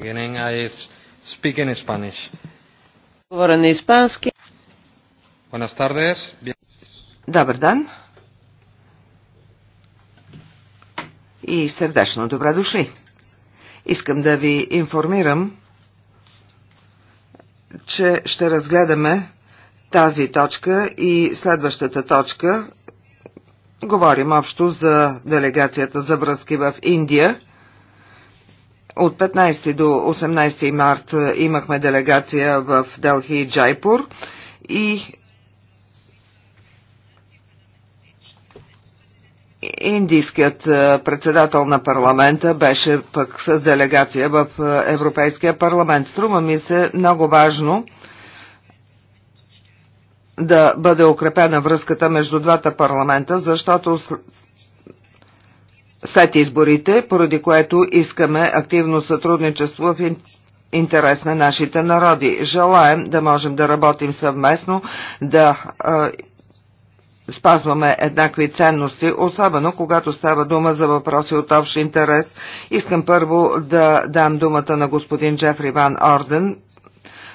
beginning I speak in Spanish. Говоря на испански. Buenas tardes. Добър ден. И сърдечно добре дошли. Искам да ви информирам, че ще разгледаме тази точка и следващата точка. Говорим общо за делегацията за връзки в Индия. От 15 до 18 март е, имахме делегация в Делхи и Джайпур и индийският е, председател на парламента беше пък с делегация в е, Европейския парламент. Струва ми се много важно да бъде укрепена връзката между двата парламента, защото след изборите, поради което искаме активно сътрудничество в интерес на нашите народи. Желаем да можем да работим съвместно, да спазваме еднакви ценности, особено когато става дума за въпроси от общ интерес. Искам първо да дам думата на господин Джефри Ван Орден,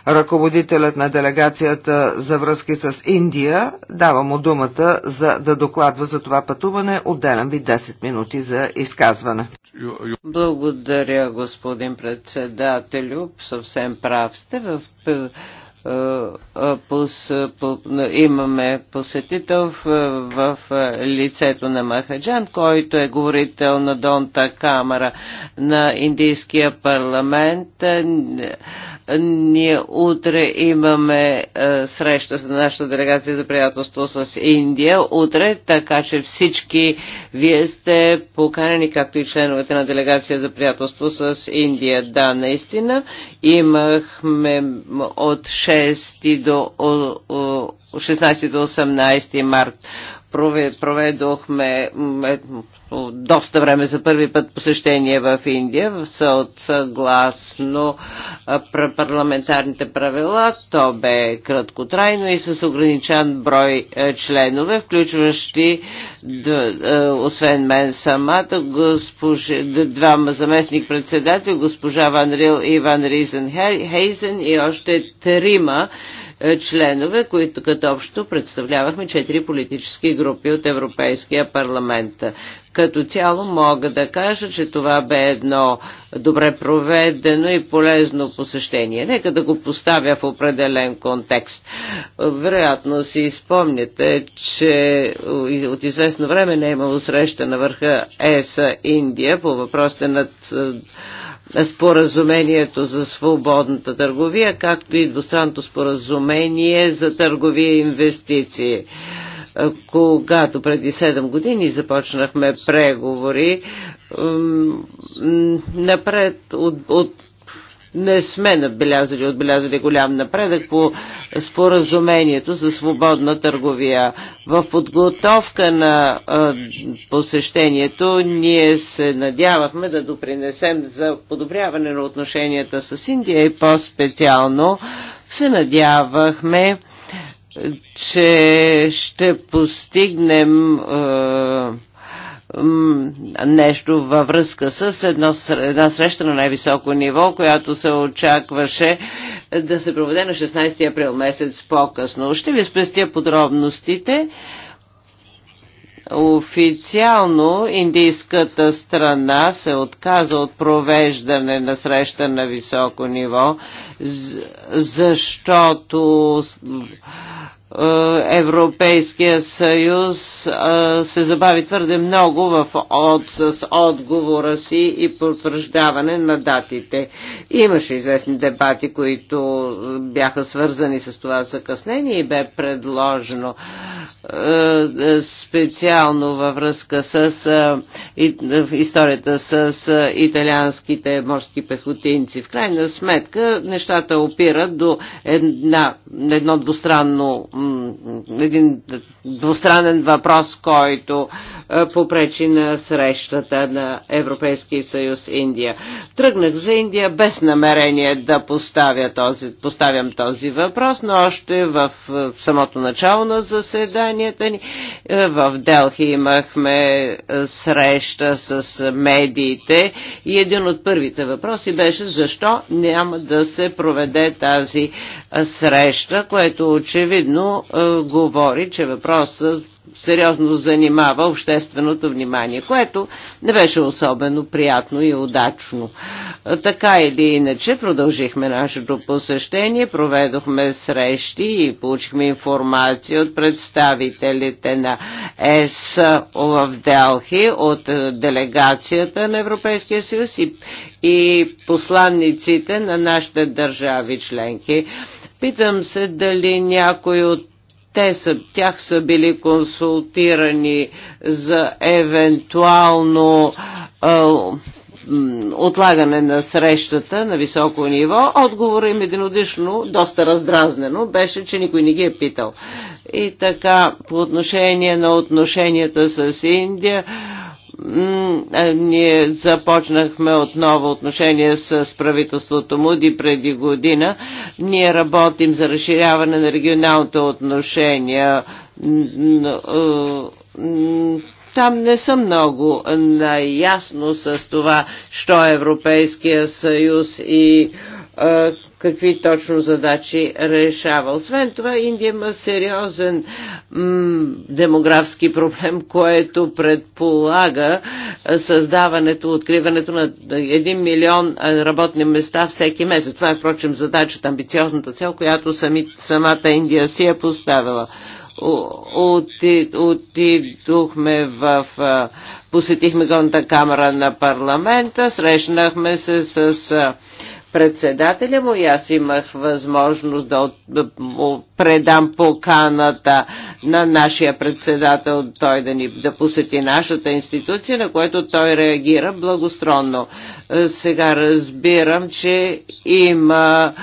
ръководителят на делегацията за връзки с Индия. Дава му думата за да докладва за това пътуване. Отделям ви 10 минути за изказване. Благодаря, господин председателю. Съвсем прав сте в е, е, имаме посетител в, лицето на Махаджан, който е говорител на Донта Камера на Индийския парламент. Ние утре имаме а, е, среща с нашата делегация за приятелство с Индия. Утре, така че всички вие сте поканени, както и членовете на делегация за приятелство с Индия. Да, наистина. Имахме от 6 до 16 до 18 март проведохме доста време за първи път посещение в Индия, в съгласно парламентарните правила. То бе краткотрайно и с ограничен брой е, членове, включващи е, освен мен самата, двама заместник председател, госпожа Ван Рил и Ван Ризен Хейзен и още трима е, членове, които като общо представлявахме четири политически групи от Европейския парламент. Като цяло мога да кажа, че това бе едно добре проведено и полезно посещение. Нека да го поставя в определен контекст. Вероятно си спомняте, че от известно време не е имало среща на върха ЕСА Индия по въпросите на е, споразумението за свободната търговия, както и двустранното споразумение за търговия и инвестиции когато преди 7 години започнахме преговори, напред от, от не сме набелязали, отбелязали голям напредък по споразумението за свободна търговия. В подготовка на посещението ние се надявахме да допринесем за подобряване на отношенията с Индия и по-специално се надявахме, че ще постигнем нещо във връзка с едно, една среща на най-високо ниво, която се очакваше да се проведе на 16 април месец по-късно. Ще ви спестя подробностите. Официално индийската страна се отказа от провеждане на среща на високо ниво, защото е, Европейския съюз е, се забави твърде много в, от, с отговора си и потвърждаване на датите. Имаше известни дебати, които бяха свързани с това закъснение и бе предложено е, специално във връзка с историята с италианските морски пехотинци. В крайна сметка нещата опират до една, едно двустранно един двустранен въпрос, който попречи на срещата на Европейския съюз Индия. Тръгнах за Индия без намерение да поставя този, поставям този въпрос, но още в самото начало на заседанията ни в Делхи имахме среща с медиите и един от първите въпроси беше защо няма да се проведе тази среща, което очевидно е, говори, че въпросът сериозно занимава общественото внимание, което не беше особено приятно и удачно. Е, така или иначе, продължихме нашето посещение, проведохме срещи и получихме информация от представителите на ЕС в Делхи, от е, делегацията на Европейския съюз и, и посланниците на нашите държави членки. Питам се дали някой от те са, тях са били консултирани за евентуално а, отлагане на срещата на високо ниво. Отговорът им единодишно, доста раздразнено, беше, че никой не ги е питал. И така, по отношение на отношенията с Индия, ние започнахме отново отношения с правителството Муди преди година. Ние работим за разширяване на регионалните отношения. Там не съм много наясно с това, що е Европейския съюз и какви точно задачи решава. Освен това, Индия има сериозен демографски проблем, което предполага създаването, откриването на 1 милион работни места всеки месец. Това е, впрочем, задачата, амбициозната цел, която сами, самата Индия си е поставила. отидохме в посетихме Гонта камера на парламента, срещнахме се с председателя му и аз имах възможност да предам поканата на нашия председател, той да, ни, да посети нашата институция, на което той реагира благостронно. Е, сега разбирам, че има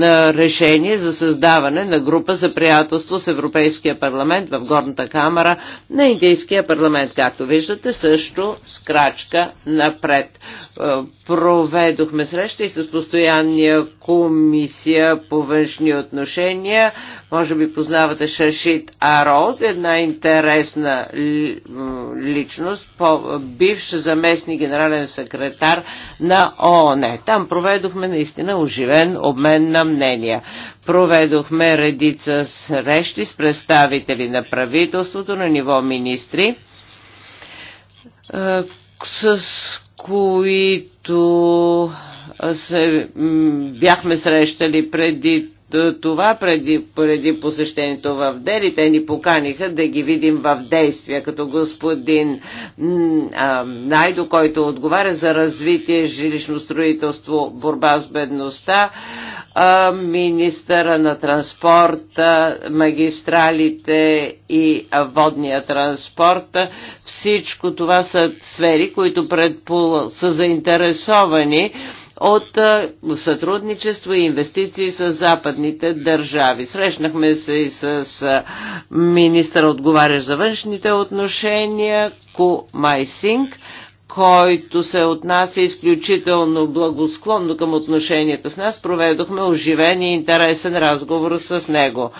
е, решение за създаване на група за приятелство с Европейския парламент в Горната камера на Индийския парламент. Както виждате, също с крачка напред. Е, проведохме среща и с постоянния комисия по външни отношения. Може би познавате Шашит Арод, една интересна личност, бивш заместник генерален секретар на ООН. Там проведохме наистина оживен обмен на мнения. Проведохме редица срещи с представители на правителството на ниво министри, с които се бяхме срещали преди това преди, преди посещението в Дели. Те ни поканиха да ги видим в действие, като господин а, Найдо, който отговаря за развитие, жилищно строителство, борба с бедността, а, министъра на транспорта, магистралите и водния транспорт. Всичко това са сфери, които предпол... са заинтересовани от е, сътрудничество и инвестиции с западните държави. Срещнахме се и с е, министър отговаря за външните отношения Ку Майсинг. Синг който се отнася изключително благосклонно към отношенията с нас, проведохме оживен и интересен разговор с него.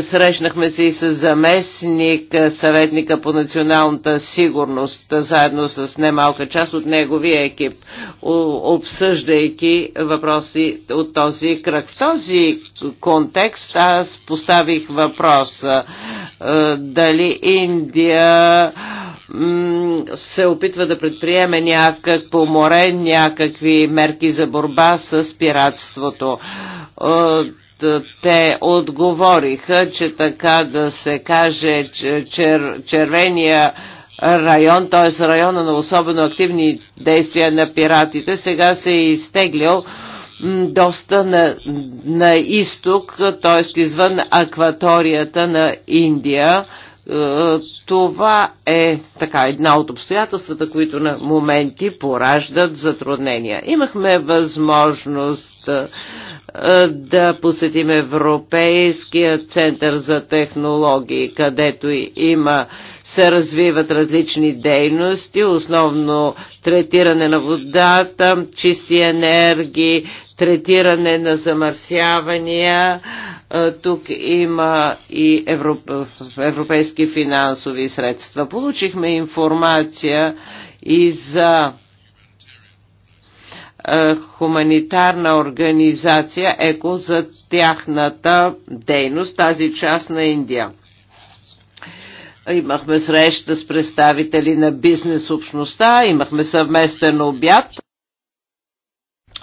Срещнахме се и с заместник, е, съветника по националната сигурност, заедно с немалка част от неговия екип, обсъждайки въпроси от този кръг. В този контекст аз поставих въпроса е, дали Индия се опитва да предприеме някакво море, някакви мерки за борба с пиратството те отговориха, че така да се каже чер, червения район, т.е. района на особено активни действия на пиратите, сега се е изтеглял доста на, на изток, т.е. извън акваторията на Индия е, това е така една от обстоятелствата, които на моменти пораждат затруднения. Имахме възможност е, да посетим Европейския център за технологии, където има се развиват различни дейности, основно третиране на водата, чисти енергии, третиране на замърсявания, е, тук има и европейски финансови средства. Получихме информация и за е, хуманитарна организация ЕКО за тяхната дейност, тази част на Индия. Имахме среща с представители на бизнес общността, имахме съвместен обяд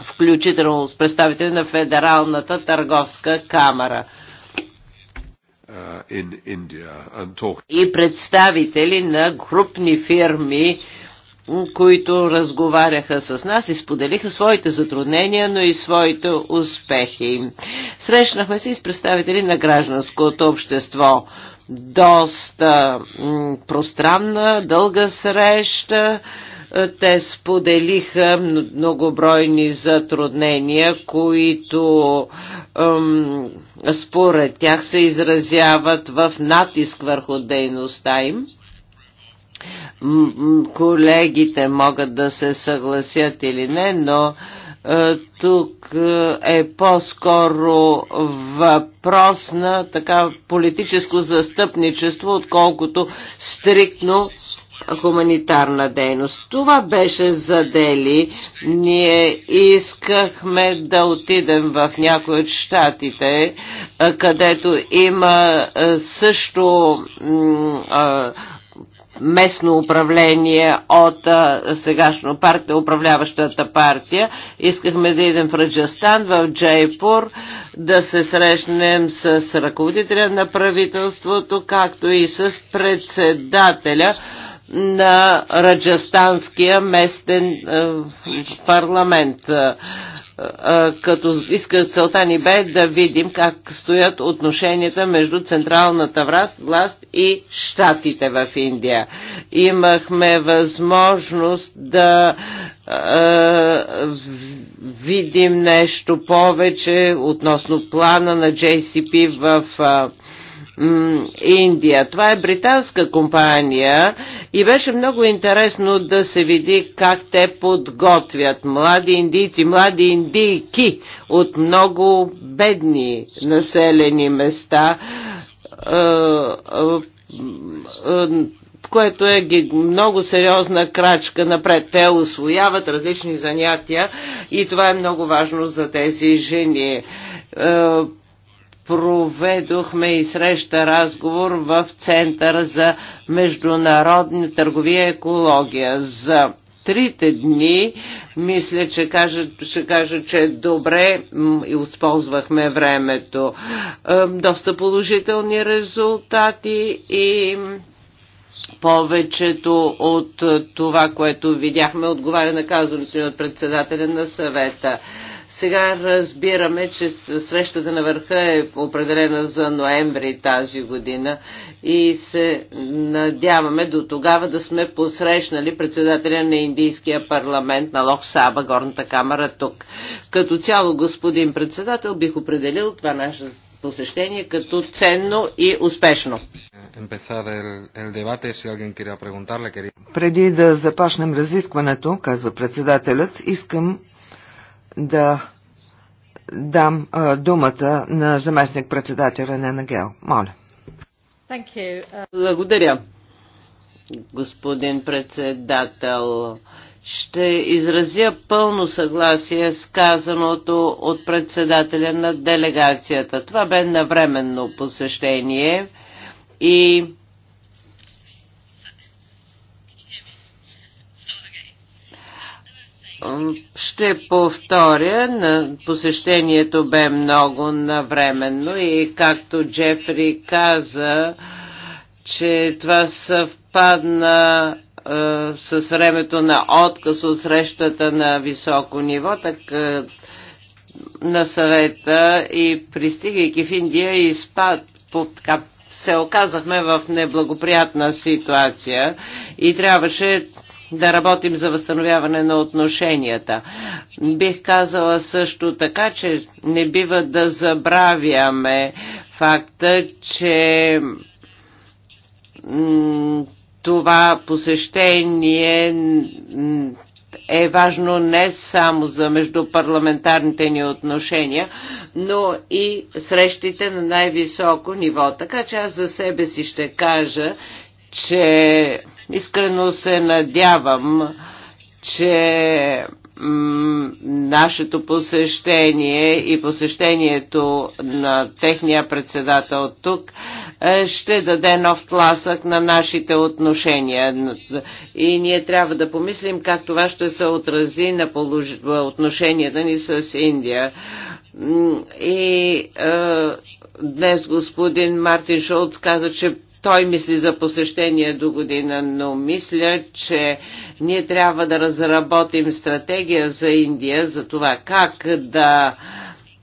включително с представители на Федералната търговска камера. Uh, и представители на групни фирми, които разговаряха с нас и споделиха своите затруднения, но и своите успехи. Срещнахме се и с представители на гражданското общество. Доста пространна, дълга среща е, те споделиха многобройни затруднения, които ем, според тях се изразяват в натиск върху дейността им колегите могат да се съгласят или не, но е, тук е по-скоро въпрос на така политическо застъпничество, отколкото стриктно хуманитарна дейност. Това беше за Дели. Ние искахме да отидем в някои от щатите, където има също местно управление от сегашно партия, управляващата партия. Искахме да идем в Раджастан, в Джайпур, да се срещнем с ръководителя на правителството, както и с председателя на Раджастанския местен е, парламент. Е, е, като иска целта ни бе да видим как стоят отношенията между централната власт и щатите в Индия. Имахме възможност да видим нещо повече относно плана на JCP в Индия. Това е британска компания и беше много интересно да се види как те подготвят млади индийци, млади индийки от много бедни населени места което е много сериозна крачка напред. Те освояват различни занятия и това е много важно за тези жени проведохме и среща разговор в Центъра за международна търговия и екология за трите дни, мисля, че кажа, ще кажа, че добре и използвахме времето. Доста положителни резултати и повечето от това, което видяхме, отговаря на казването от председателя на съвета. Сега разбираме, че срещата на върха е определена за ноември тази година и се надяваме до тогава да сме посрещнали председателя на Индийския парламент на Лох Саба, горната камера тук. Като цяло, господин председател, бих определил това наше посещение като ценно и успешно. Преди да започнем разискването, казва председателят, искам да дам а, думата на заместник-председателя Нена Гел. Моля. Благодаря, господин председател. Ще изразя пълно съгласие с казаното от председателя на делегацията. Това бе навременно посещение и Ще повторя, на посещението бе много навременно и както Джефри каза, че това съвпадна е, с времето на отказ от срещата на високо ниво, така на съвета и пристигайки в Индия спад по, така, се оказахме в неблагоприятна ситуация и трябваше да работим за възстановяване на отношенията. Бих казала също така, че не бива да забравяме факта, че това посещение е важно не само за междупарламентарните ни отношения, но и срещите на най-високо ниво. Така че аз за себе си ще кажа, че Искрено се надявам, че нашето посещение и посещението на техния председател тук е, ще даде нов тласък на нашите отношения. И ние трябва да помислим как това ще се отрази на полож... отношенията ни с Индия. И е, днес господин Мартин Шолц каза, че той мисли за посещение до година, но мисля, че ние трябва да разработим стратегия за Индия, за това как да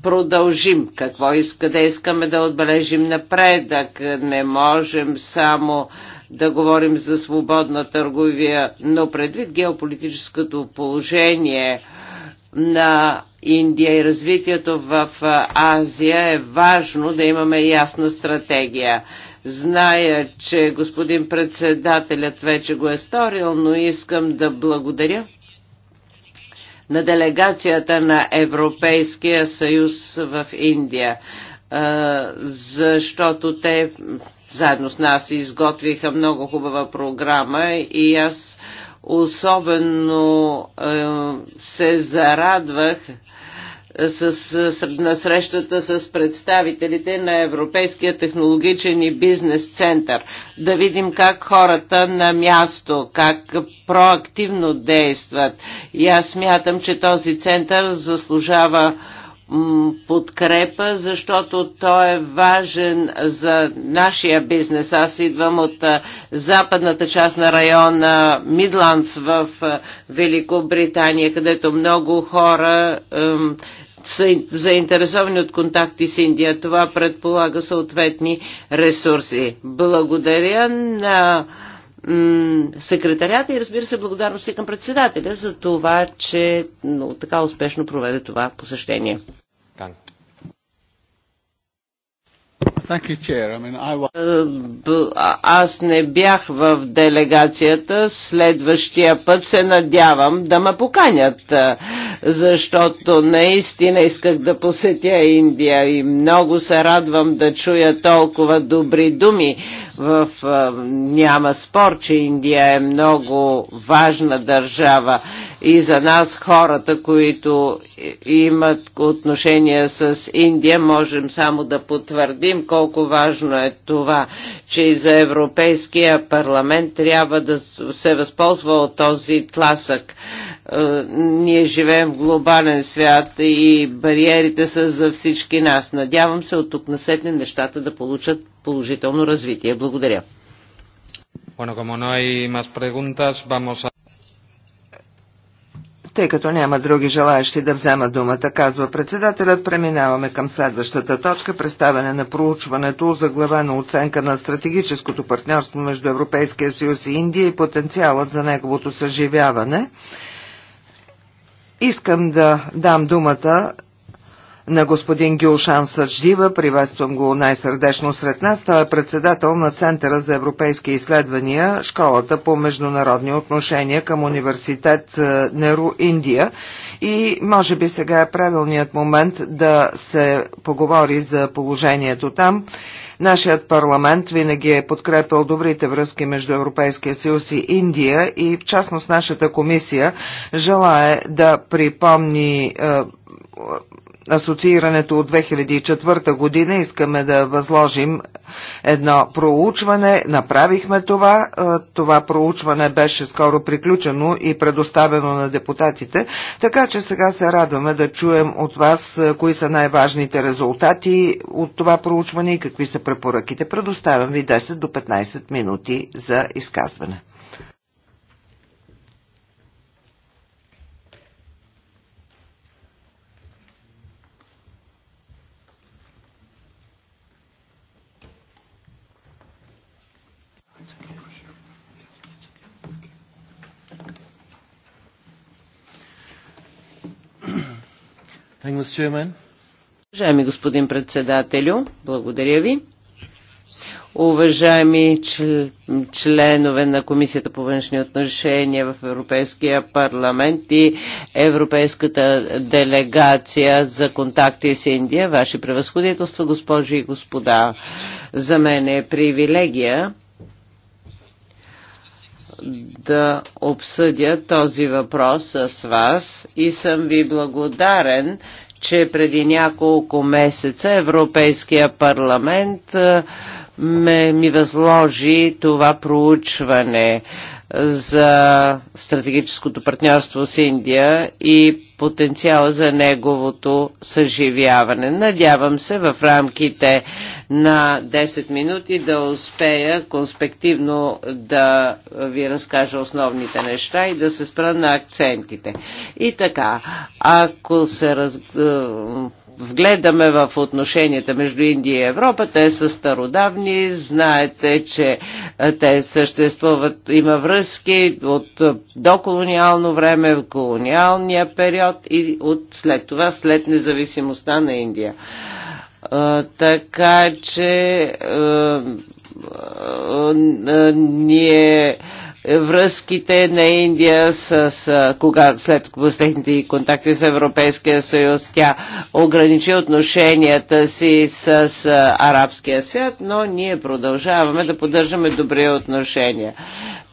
продължим, какво иска, да искаме да отбележим напредък. Не можем само да говорим за свободна търговия, но предвид геополитическото положение на Индия и развитието в Азия е важно да имаме ясна стратегия. Зная, че господин председателят вече го е сторил, но искам да благодаря на делегацията на Европейския съюз в Индия, защото те заедно с нас изготвиха много хубава програма и аз особено се зарадвах с, с, на срещата с представителите на Европейския технологичен и бизнес център. Да видим как хората на място, как проактивно действат. И аз смятам, че този център заслужава подкрепа, защото той е важен за нашия бизнес. Аз идвам от западната част на района Мидландс в Великобритания, където много хора са заинтересовани от контакти с Индия. Това предполага съответни ресурси. Благодаря на секретарята и разбира се благодарност и към председателя за това, че ну, така успешно проведе това посещение. Аз не бях в делегацията. Следващия път се надявам да ме поканят, е, защото наистина исках да посетя Индия и много се радвам да чуя толкова добри думи в, няма спор, че Индия е много важна държава и за нас хората, които имат отношения с Индия, можем само да потвърдим колко важно е това, че и за Европейския парламент трябва да се възползва от този тласък. Е, ние живеем в глобален свят и бариерите са за всички нас. Надявам се от тук насетне нещата да получат положително развитие. Благодаря. Bueno, como no hay más preguntas, vamos a... Тъй като няма други желаящи да взема думата, казва председателят, преминаваме към следващата точка – представяне на проучването за глава на оценка на стратегическото партньорство между Европейския съюз и Индия и потенциалът за неговото съживяване – Искам да дам думата на господин Гюлшан Съдждива. Приветствам го най-сърдечно сред нас. Той е председател на Центъра за европейски изследвания, школата по международни отношения към университет е, Неру Индия. И може би сега е правилният момент да се поговори за положението там Нашият парламент винаги е подкрепил добрите връзки между Европейския съюз и Индия и в частност нашата комисия желае да припомни е, асоциирането от 2004 година искаме да възложим едно проучване. Направихме това. Това проучване беше скоро приключено и предоставено на депутатите, така че сега се радваме да чуем от вас кои са най-важните резултати от това проучване и какви са препоръките. Предоставям ви 10 до 15 минути за изказване. Уважаеми господин председателю, благодаря ви. Уважаеми членове на Комисията по външни отношения в Европейския парламент и Европейската делегация за контакти с Индия, Ваши превъзходителства, госпожи и господа, за мен е привилегия да обсъдя този въпрос с вас и съм ви благодарен, че преди няколко месеца Европейския парламент ме, ми възложи това проучване за стратегическото партньорство с Индия и потенциала за неговото съживяване. Надявам се в рамките на 10 минути да успея конспективно да ви разкажа основните неща и да се спра на акцентите. И така, ако се раз вгледаме в отношенията между Индия и Европа, те са стародавни, знаете, че те съществуват, има връзки от доколониално време, в колониалния период и от след това, след независимостта на Индия. Така че ние връзките на Индия с, с кога, след последните контакти с Европейския съюз. Тя ограничи отношенията си с, с арабския свят, но ние продължаваме да поддържаме добри отношения.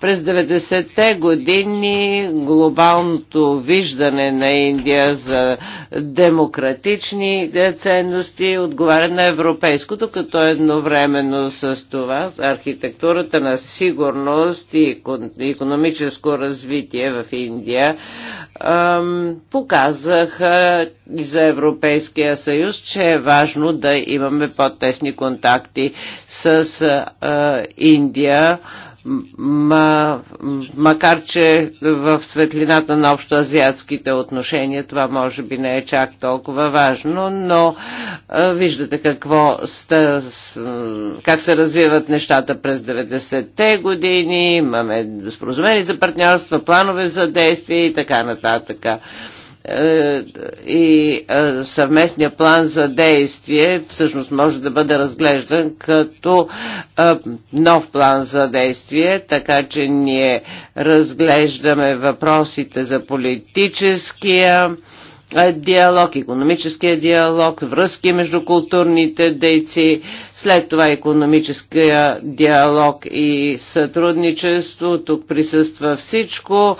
През 90-те години глобалното виждане на Индия за демократични ценности отговаря на европейското, като едновременно с това архитектурата на сигурност и економическо развитие в Индия показаха и за Европейския съюз, че е важно да имаме по-тесни контакти с Индия макар, че в светлината на общоазиатските отношения това може би не е чак толкова важно, но а, виждате какво ста, с, как се развиват нещата през 90-те години, имаме споразумени за партньорства, планове за действие и така нататък. Е, и е, съвместния план за действие всъщност може да бъде разглеждан като е, нов план за действие, така че ние разглеждаме въпросите за политическия е, диалог, економическия диалог, връзки между културните дейци, след това економическия диалог и сътрудничество. Тук присъства всичко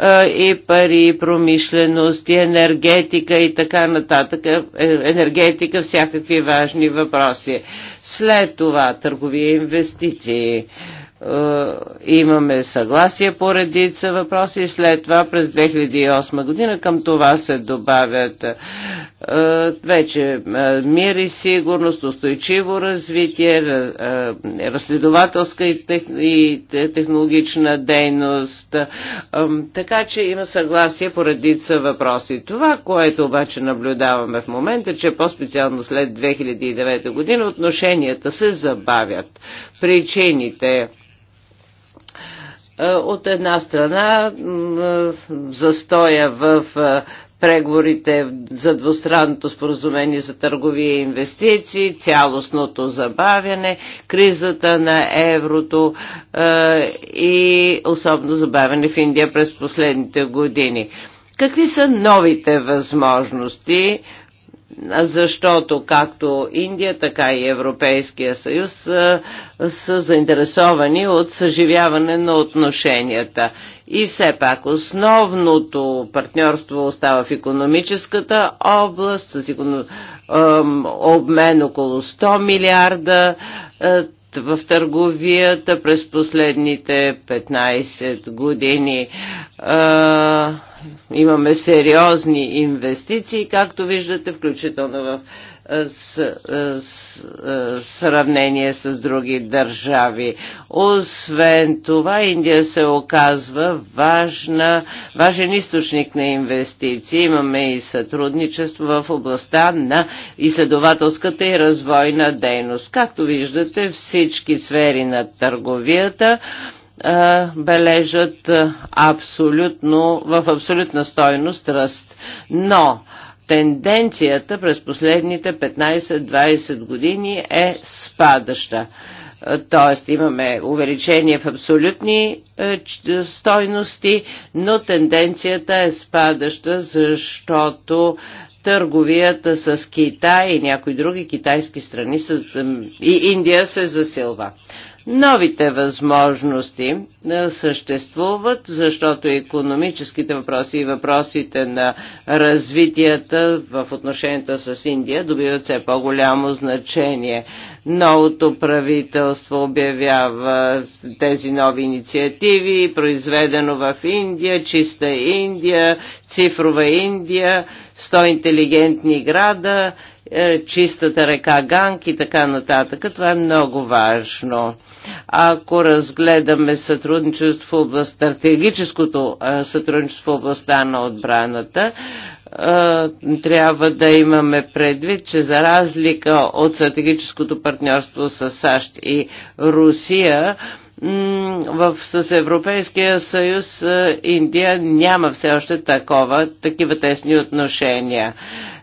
е, и пари, и промишленост, и енергетика и така нататък. Е, енергетика, всякакви важни въпроси. След това търговия и инвестиции е, имаме съгласие по редица въпроси и след това през 2008 година към това се добавят е, вече е, мир и сигурност, устойчиво развитие, разследователска и технологична дейност. Така че има съгласие по редица въпроси. Това, което обаче наблюдаваме в момента, че по-специално след 2009 година отношенията се забавят. Причините е, от една страна е, застоя в е, преговорите за двустранното споразумение за търговия и инвестиции, цялостното забавяне, кризата на еврото и особено забавяне в Индия през последните години. Какви са новите възможности? защото както Индия, така и Европейския съюз са, са заинтересовани от съживяване на отношенията. И все пак основното партньорство остава в економическата област, с економ... обмен около 100 милиарда в търговията през последните 15 години. Имаме сериозни инвестиции, както виждате, включително в с, с, сравнение с други държави. Освен това, Индия се оказва важна, важен източник на инвестиции. Имаме и сътрудничество в областта на изследователската и развойна дейност. Както виждате, всички сфери на търговията бележат абсолютно, в абсолютна стойност ръст. Но тенденцията през последните 15-20 години е спадаща. Тоест имаме увеличение в абсолютни стойности, но тенденцията е спадаща, защото търговията с Китай и някои други китайски страни и Индия се засилва. Новите възможности съществуват, защото економическите въпроси и въпросите на развитията в отношенията с Индия добиват все по-голямо значение. Новото правителство обявява тези нови инициативи, произведено в Индия, чиста Индия, цифрова Индия, 100 интелигентни града, е, чистата река Ганг и така нататък. Това е много важно. Ако разгледаме сътрудничество в областта, стратегическото сътрудничество в областта на отбраната, трябва да имаме предвид, че за разлика от стратегическото партньорство с САЩ и Русия, в, с Европейския съюз Индия няма все още такова, такива тесни отношения.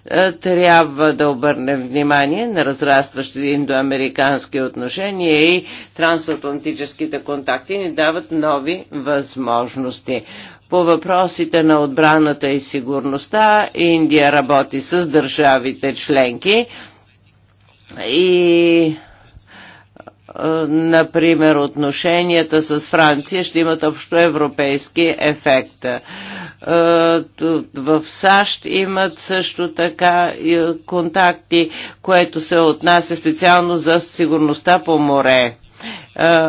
Е, трябва да обърнем внимание на разрастващи индоамерикански отношения и трансатлантическите контакти ни дават нови възможности. По въпросите на отбраната и сигурността Индия работи с държавите членки и е, например, отношенията с Франция ще имат общо европейски ефект. Е, в САЩ имат също така контакти, което се отнася специално за сигурността по море. Е,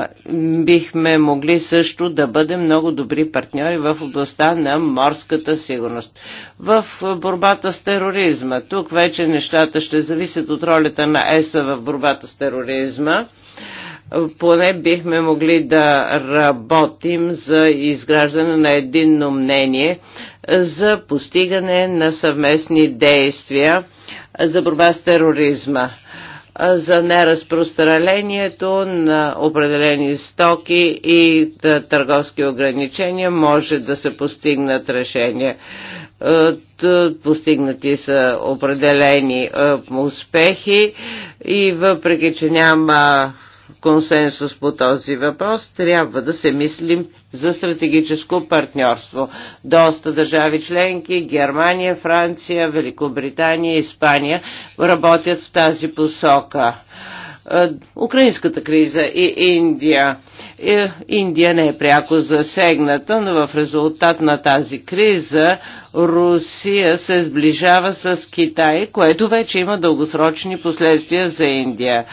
бихме могли също да бъдем много добри партньори в областта на морската сигурност. В борбата с тероризма. Тук вече нещата ще зависят от ролята на ЕСА в борбата с тероризма поне бихме могли да работим за изграждане на единно мнение за постигане на съвместни действия за борба с тероризма за неразпространението на определени стоки и търговски ограничения може да се постигнат решения. Е, постигнати са определени е, успехи и въпреки, че няма консенсус по този въпрос, трябва да се мислим за стратегическо партньорство. Доста държави членки, Германия, Франция, Великобритания, Испания работят в тази посока. Е, украинската криза и Индия – е, Индия не е пряко засегната, но в резултат на тази криза Русия се сближава с Китай, което вече има дългосрочни последствия за Индия.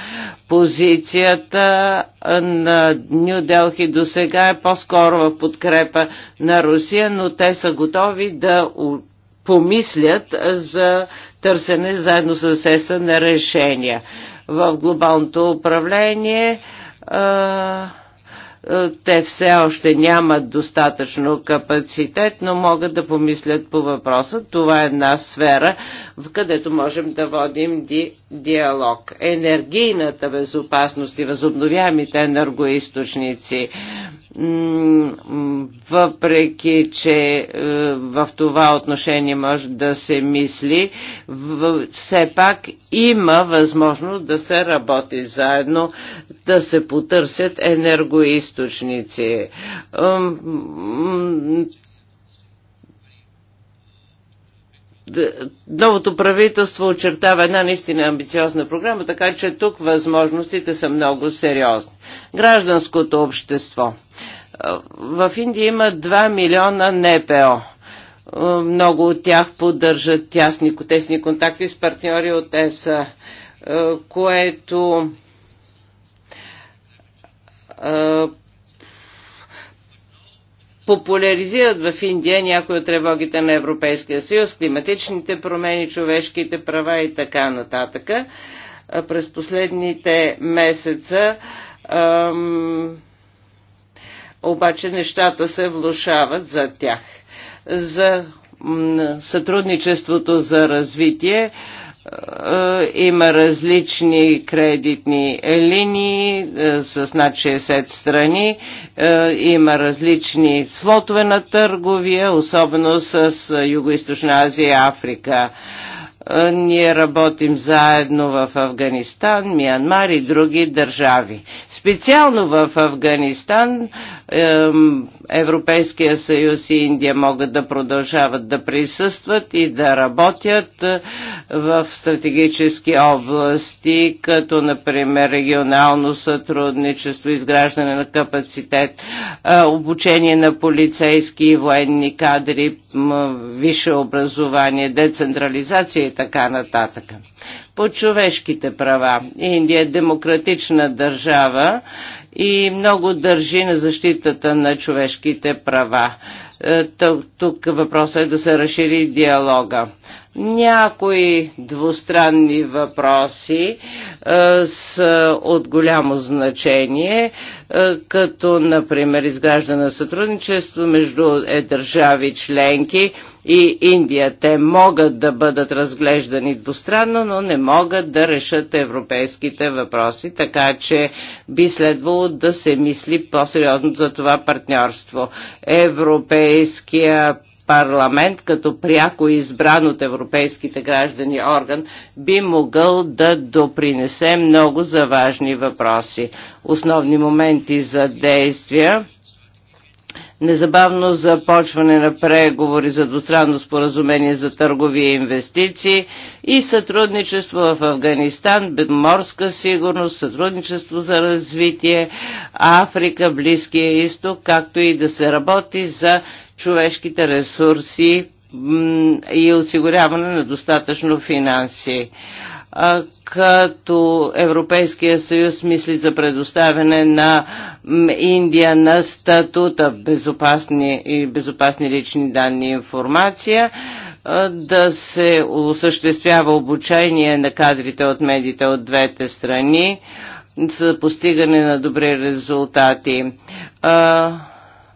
Позицията на Нью Делхи до сега е по-скоро в подкрепа на Русия, но те са готови да помислят за търсене заедно с ЕСА на решения. В глобалното управление а е, те все още нямат достатъчно капацитет, но могат да помислят по въпроса. Това е една сфера, в където можем да водим ди, диалог. Енергийната безопасност и възобновяемите енергоисточници въпреки че е, в това отношение може да се мисли, все пак има възможност да се работи заедно, да се потърсят енергоисточници. новото правителство очертава една наистина амбициозна програма, така че тук възможностите са много сериозни. Гражданското общество. Е, в Индия има 2 милиона НПО. Е, много от тях поддържат тясни, тесни контакти с партньори от ЕСА, е, което популяризират в Индия някои от тревогите на Европейския съюз, климатичните промени, човешките права и така нататък. През последните месеца ам, обаче нещата се влушават за тях. За сътрудничеството за развитие е, има различни кредитни линии е, с над 60 страни, е, има различни слотове на търговия, особено с Юго-Источна Азия и Африка. Ние работим заедно в Афганистан, Миянмар и други държави. Специално в Афганистан Европейския съюз и Индия могат да продължават да присъстват и да работят е, в стратегически области, като например регионално сътрудничество, изграждане на капацитет, е, обучение на полицейски и военни кадри, висше образование, децентрализация и така нататък по човешките права. Индия е демократична държава и много държи на защитата на човешките права. Е, тук въпросът е да се разшири диалога. Някои двустранни въпроси с е, са от голямо значение, е, като например изграждане на сътрудничество между е, държави членки и Индия. Те могат да бъдат разглеждани двустранно, но не могат да решат европейските въпроси, така че би следвало да се мисли по-сериозно за това партньорство. Европейския парламент, като пряко избран от европейските граждани орган, би могъл да допринесе много за важни въпроси. Основни моменти за действия незабавно започване на преговори за двустранно споразумение за търговия и инвестиции и сътрудничество в Афганистан, морска сигурност, сътрудничество за развитие, Африка, Близкия изток, както и да се работи за човешките ресурси и осигуряване на достатъчно финанси като Европейския съюз мисли за предоставяне на Индия на статута безопасни и безопасни лични данни и информация, да се осъществява обучение на кадрите от медиите от двете страни за постигане на добри резултати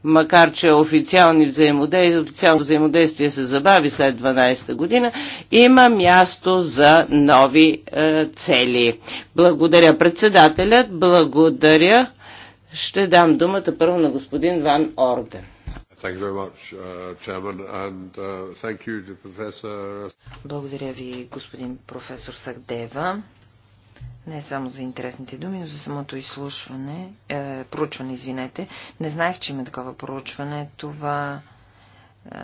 макар че официални взаимодействия, официално взаимодействие се забави след 12-та година, има място за нови е, цели. Благодаря председателят, благодаря. Ще дам думата първо на господин Ван Орден. Благодаря ви, господин професор Сагдева не само за интересните думи, но за самото изслушване, е, проучване, извинете. Не знаех, че има такова проучване. Това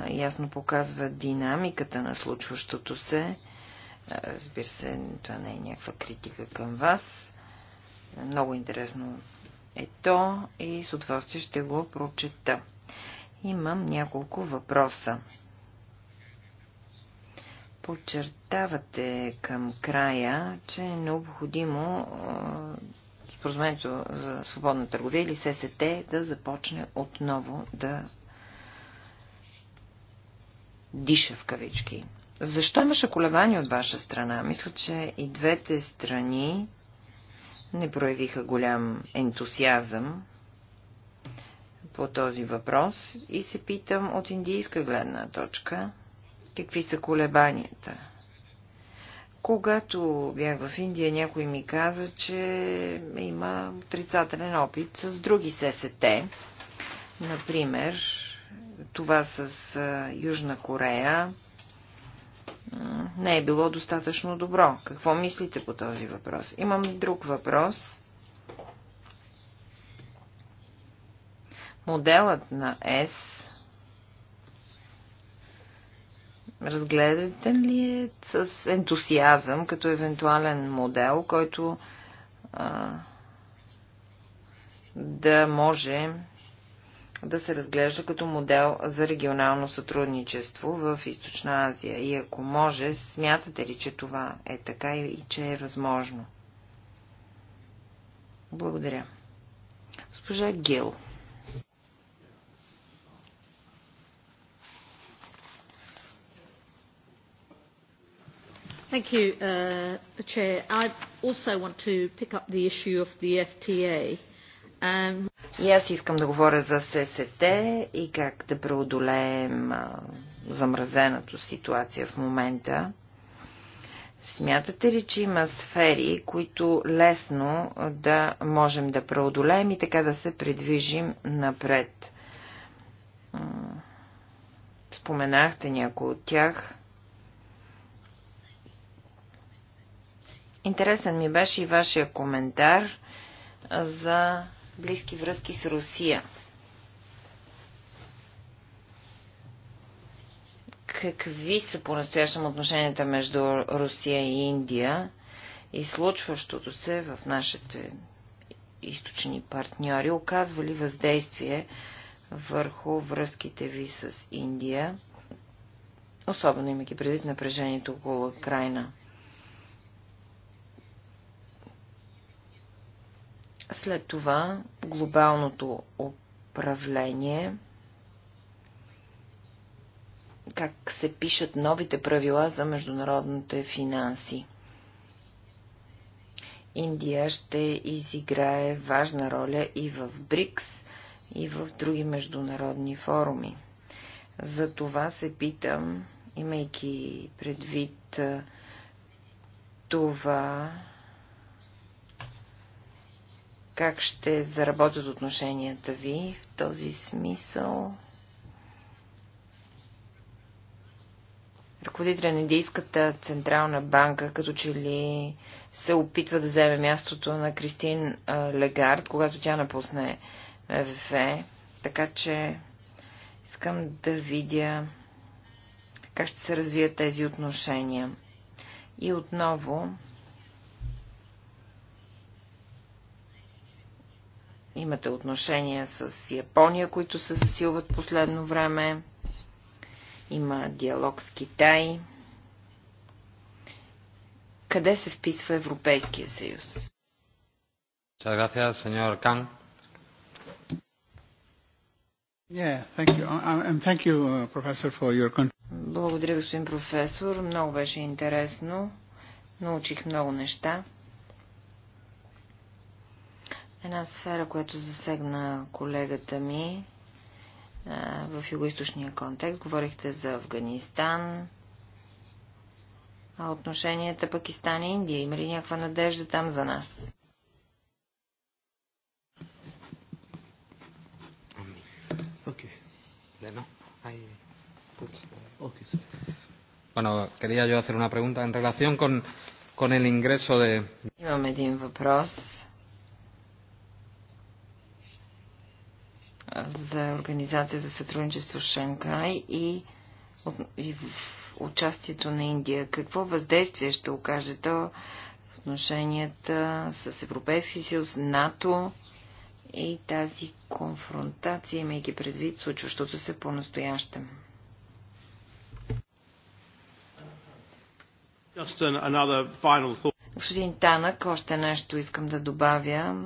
е, ясно показва динамиката на случващото се. Е, разбира се, това не е някаква критика към вас. Много интересно е то и с удоволствие ще го прочета. Имам няколко въпроса подчертавате към края, че е необходимо споразумението за свободна търговия или ССТ да започне отново да диша в кавички. Защо имаше колебания от ваша страна? Мисля, че и двете страни не проявиха голям ентусиазъм по този въпрос и се питам от индийска гледна точка Какви са колебанията? Когато бях в Индия, някой ми каза, че има отрицателен опит с други ССТ. Например, това с Южна Корея не е било достатъчно добро. Какво мислите по този въпрос? Имам друг въпрос. Моделът на S Разгледате ли е с ентусиазъм като евентуален модел, който а, да може да се разглежда като модел за регионално сътрудничество в Източна Азия? И ако може, смятате ли, че това е така и, и че е възможно? Благодаря. Госпожа Гил. Thank you, uh, Chair. I also want to pick up the issue of the FTA. Um... И аз искам да говоря за ССТ и как да преодолеем замразената ситуация в момента. Смятате ли, че има сфери, които лесно да можем да преодолеем и така да се придвижим напред? Споменахте някои от тях. Интересен ми беше и вашия коментар за близки връзки с Русия. Какви са по-настоящем отношенията между Русия и Индия и случващото се в нашите източни партньори оказва ли въздействие върху връзките ви с Индия, особено имайки предвид напрежението около Крайна? След това глобалното управление, как се пишат новите правила за международните финанси. Индия ще изиграе важна роля и в БРИКС, и в други международни форуми. За това се питам, имайки предвид това, как ще заработят отношенията ви в този смисъл. Ръководителя на Индийската централна банка като че ли се опитва да вземе мястото на Кристин Легард, когато тя напусне МВФ. Така че искам да видя как ще се развият тези отношения. И отново Имате отношения с Япония, които се засилват последно време. Има диалог с Китай. Къде се вписва Европейския съюз? Благодаря, господин професор. Много беше интересно. Научих много неща. Една сфера, която засегна колегата ми в югоисточния контекст. Говорихте за Афганистан, а отношенията Пакистан и Индия. Има ли някаква надежда там за нас? Имам един въпрос за Организация за сътрудничество в Шанхай и, и в участието на Индия. Какво въздействие ще окаже то в отношенията с Европейски съюз, НАТО и тази конфронтация, имайки предвид случващото се по-настоящем? Господин Танък, още нещо искам да добавя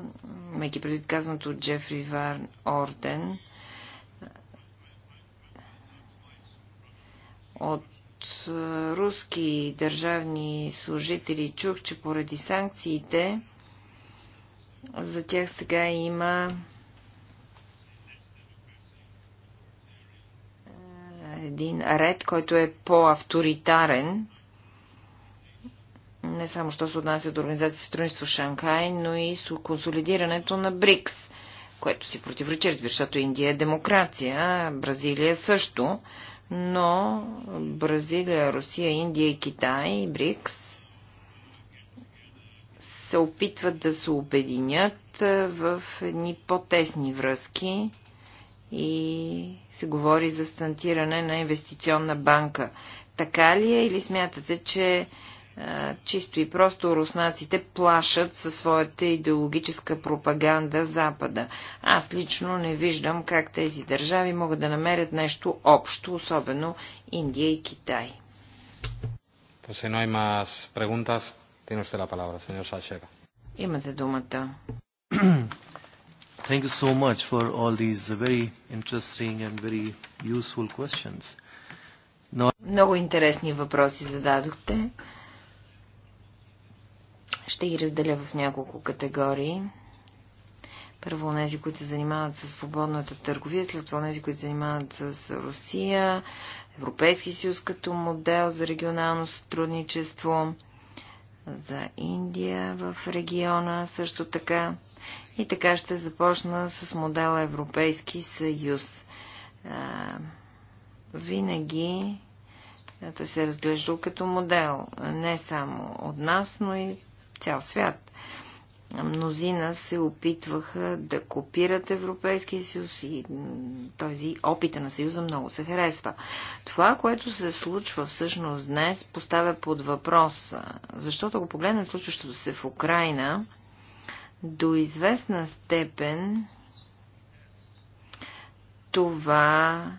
имайки предвид казаното от Джефри Варн Орден, от е, руски държавни служители чух, че поради санкциите за тях сега има е, един ред, който е по-авторитарен не само, що се отнася до Организация сътрудничество Шанхай, но и с консолидирането на БРИКС, което си противоречи, защото Индия е демокрация, Бразилия също, но Бразилия, Русия, Индия и Китай и БРИКС се опитват да се обединят в едни по-тесни връзки и се говори за стантиране на инвестиционна банка. Така ли е или смятате, че чисто и просто руснаците плашат със своята идеологическа пропаганда Запада. Аз лично не виждам как тези държави могат да намерят нещо общо, особено Индия и Китай. Имате думата. Thank you so much for all these very interesting and very useful questions. Много интересни въпроси зададохте. Ще ги разделя в няколко категории. Първо тези, които се занимават с свободната търговия, след това тези, които се занимават с Русия, Европейски съюз като модел за регионално сътрудничество, за Индия в региона също така. И така ще започна с модела Европейски съюз. винаги той се е разглежда като модел не само от нас, но и цял свят. Мнозина се опитваха да копират Европейския съюз и този опита на съюза много се харесва. Това, което се случва всъщност днес, поставя под въпрос, защото го погледнем случващото се в Украина, до известна степен това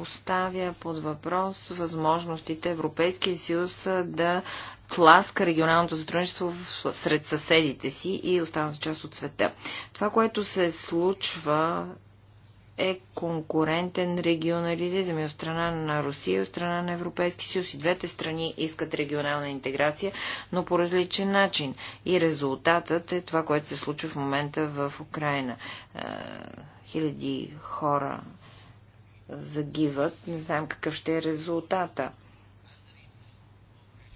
поставя под въпрос възможностите Европейския съюз да тласка регионалното сътрудничество сред съседите си и останалата част от света. Това, което се случва е конкурентен регионализъм и от страна на Русия, и от страна на Европейски съюз. И двете страни искат регионална интеграция, но по различен начин. И резултатът е това, което се случва в момента в Украина. Е, хиляди хора загиват. Не знаем какъв ще е резултата.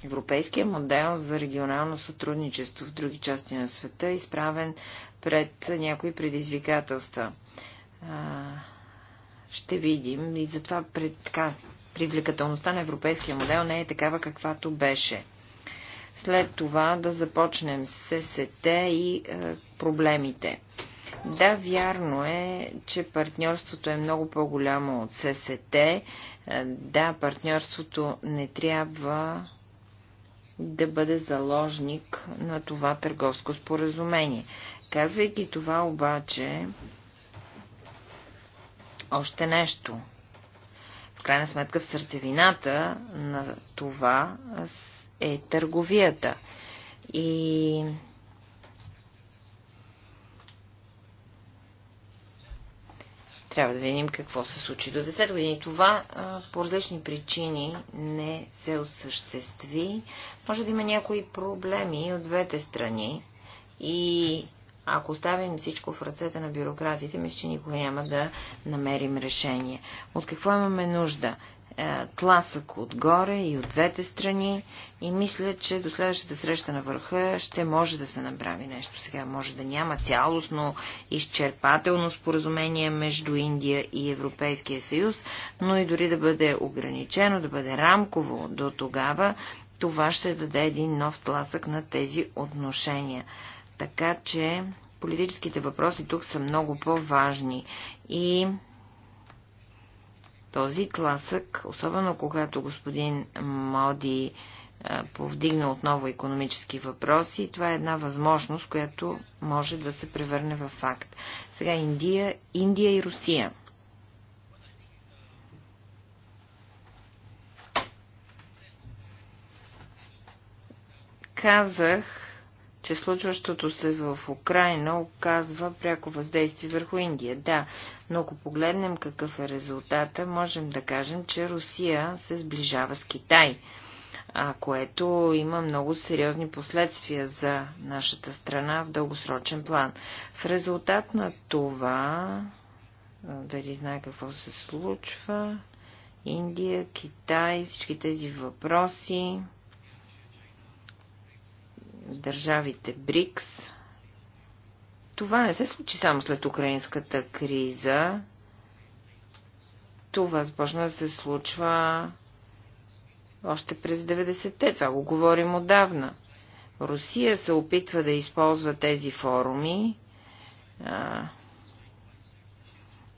Европейския модел за регионално сътрудничество в други части на света е изправен пред някои предизвикателства. Ще видим и затова пред, така, привлекателността на европейския модел не е такава каквато беше. След това да започнем с ССТ и е, проблемите. Да, вярно е, че партньорството е много по-голямо от ССТ. Е, да, партньорството не трябва да бъде заложник на това търговско споразумение. Казвайки това обаче, още нещо. В крайна сметка в сърцевината на това е търговията. И Трябва да видим какво се случи до 10 години. Това а, по различни причини не се осъществи. Може да има някои проблеми от двете страни и ако оставим всичко в ръцете на бюрократите, мисля, че никога няма да намерим решение. От какво имаме нужда? Е, тласък отгоре и от двете страни и мисля, че до следващата среща на върха ще може да се направи нещо. Сега може да няма цялостно изчерпателно споразумение между Индия и Европейския съюз, но и дори да бъде ограничено, да бъде рамково до тогава, това ще даде един нов тласък на тези отношения. Така че политическите въпроси тук са много по-важни и този тласък, особено когато господин Моди е, повдигна отново економически въпроси това е една възможност, която може да се превърне в факт. Сега Индия, Индия и Русия. Казах, че случващото се в Украина оказва пряко въздействие върху Индия. Да, но ако погледнем какъв е резултата, можем да кажем, че Русия се сближава с Китай, а което има много сериозни последствия за нашата страна в дългосрочен план. В резултат на това, дали знае какво се случва, Индия, Китай, всички тези въпроси, държавите БРИКС. Това не се случи само след украинската криза. Това започна да се случва още през 90-те. Това го говорим отдавна. Русия се опитва да използва тези форуми.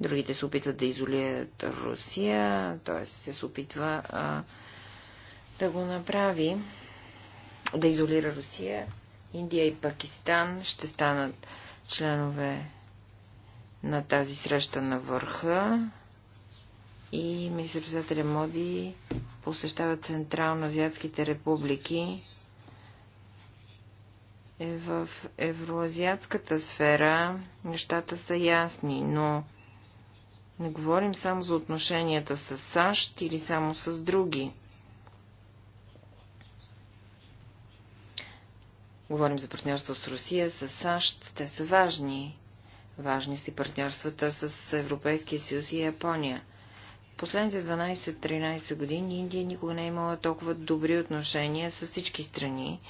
другите се опитват да изолират Русия, т.е. се опитва а, да го направи да изолира Русия. Индия и Пакистан ще станат членове на тази среща на върха и министър-председателя Моди посещава Централно-Азиатските републики. Е в евроазиатската сфера нещата са ясни, но не говорим само за отношенията с САЩ или само с други. Говорим за партньорство с Русия, с САЩ. Те са важни. Важни си партньорствата с Европейския съюз и Япония. Последните 12-13 години Индия никога не е имала толкова добри отношения с всички страни,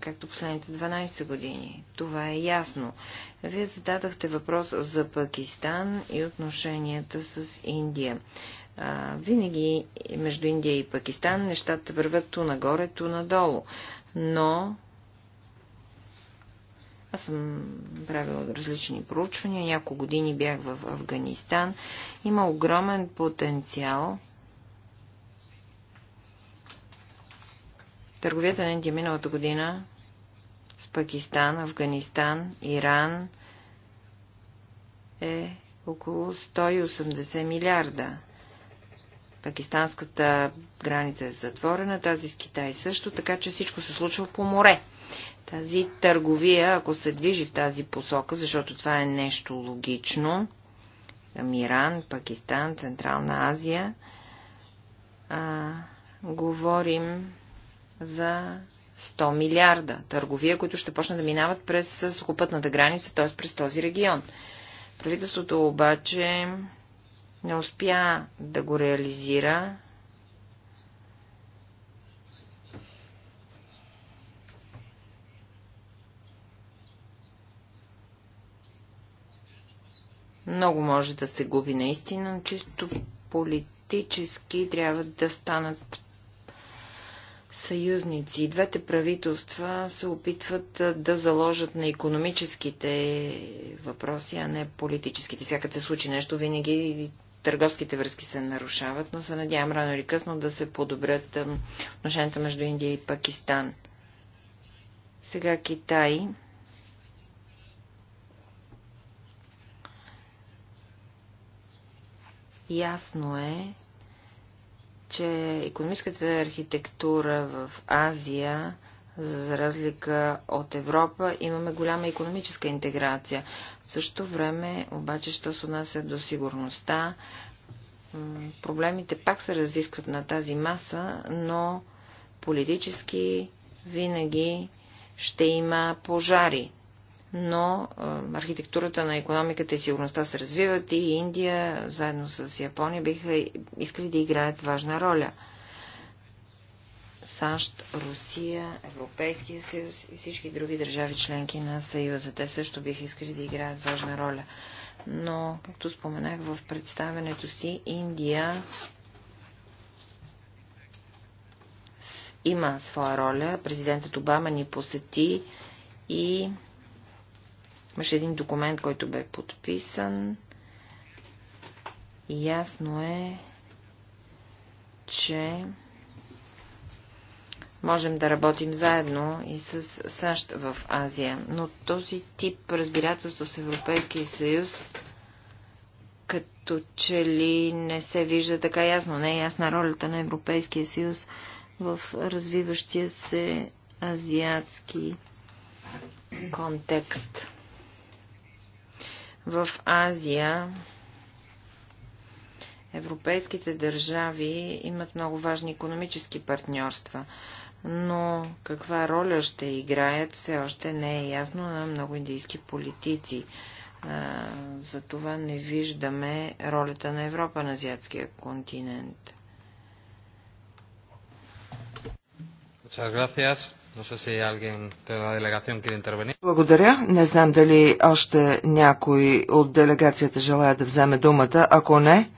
както последните 12 години. Това е ясно. Вие зададахте въпрос за Пакистан и отношенията с Индия. винаги между Индия и Пакистан нещата върват ту нагоре, ту надолу. Но аз съм правила различни проучвания. Няколко години бях в Афганистан. Има огромен потенциал. Търговията на Индия миналата година с Пакистан, Афганистан, Иран е около 180 милиарда. Пакистанската граница е затворена, тази с Китай също, така че всичко се случва по море. Тази търговия, ако се движи в тази посока, защото това е нещо логично, към Иран, Пакистан, Централна Азия, а, говорим за 100 милиарда търговия, които ще почнат да минават през сухопътната граница, т.е. през този регион. Правителството обаче не успя да го реализира Много може да се губи наистина, но чисто политически трябва да станат съюзници. Двете правителства се опитват да заложат на економическите въпроси, а не политическите. Сега се случи нещо, винаги търговските връзки се нарушават, но се надявам рано или късно да се подобрят отношенията между Индия и Пакистан. Сега Китай Ясно е, че економическата архитектура в Азия, за разлика от Европа, имаме голяма економическа интеграция. В същото време, обаче, що се отнася до сигурността, проблемите пак се разискват на тази маса, но политически винаги ще има пожари но архитектурата на економиката и сигурността се развиват и Индия, заедно с Япония, биха искали да играят важна роля. САЩ, Русия, Европейския съюз и всички други държави членки на Съюза. Те също биха искали да играят важна роля. Но, както споменах в представенето си, Индия има своя роля. Президентът Обама ни посети и Имаше един документ, който бе подписан. И ясно е, че можем да работим заедно и с САЩ в Азия. Но този тип разбирателство с Европейския съюз като че ли не се вижда така ясно. Не е ясна ролята на Европейския съюз в развиващия се азиатски контекст в Азия европейските държави имат много важни економически партньорства, но каква роля ще играят все още не е ясно на много индийски политици. Затова не виждаме ролята на Европа на азиатския континент. Muchas gracias. Благодаря. Не знам дали още някой от делегацията желая да вземе думата. Ако не,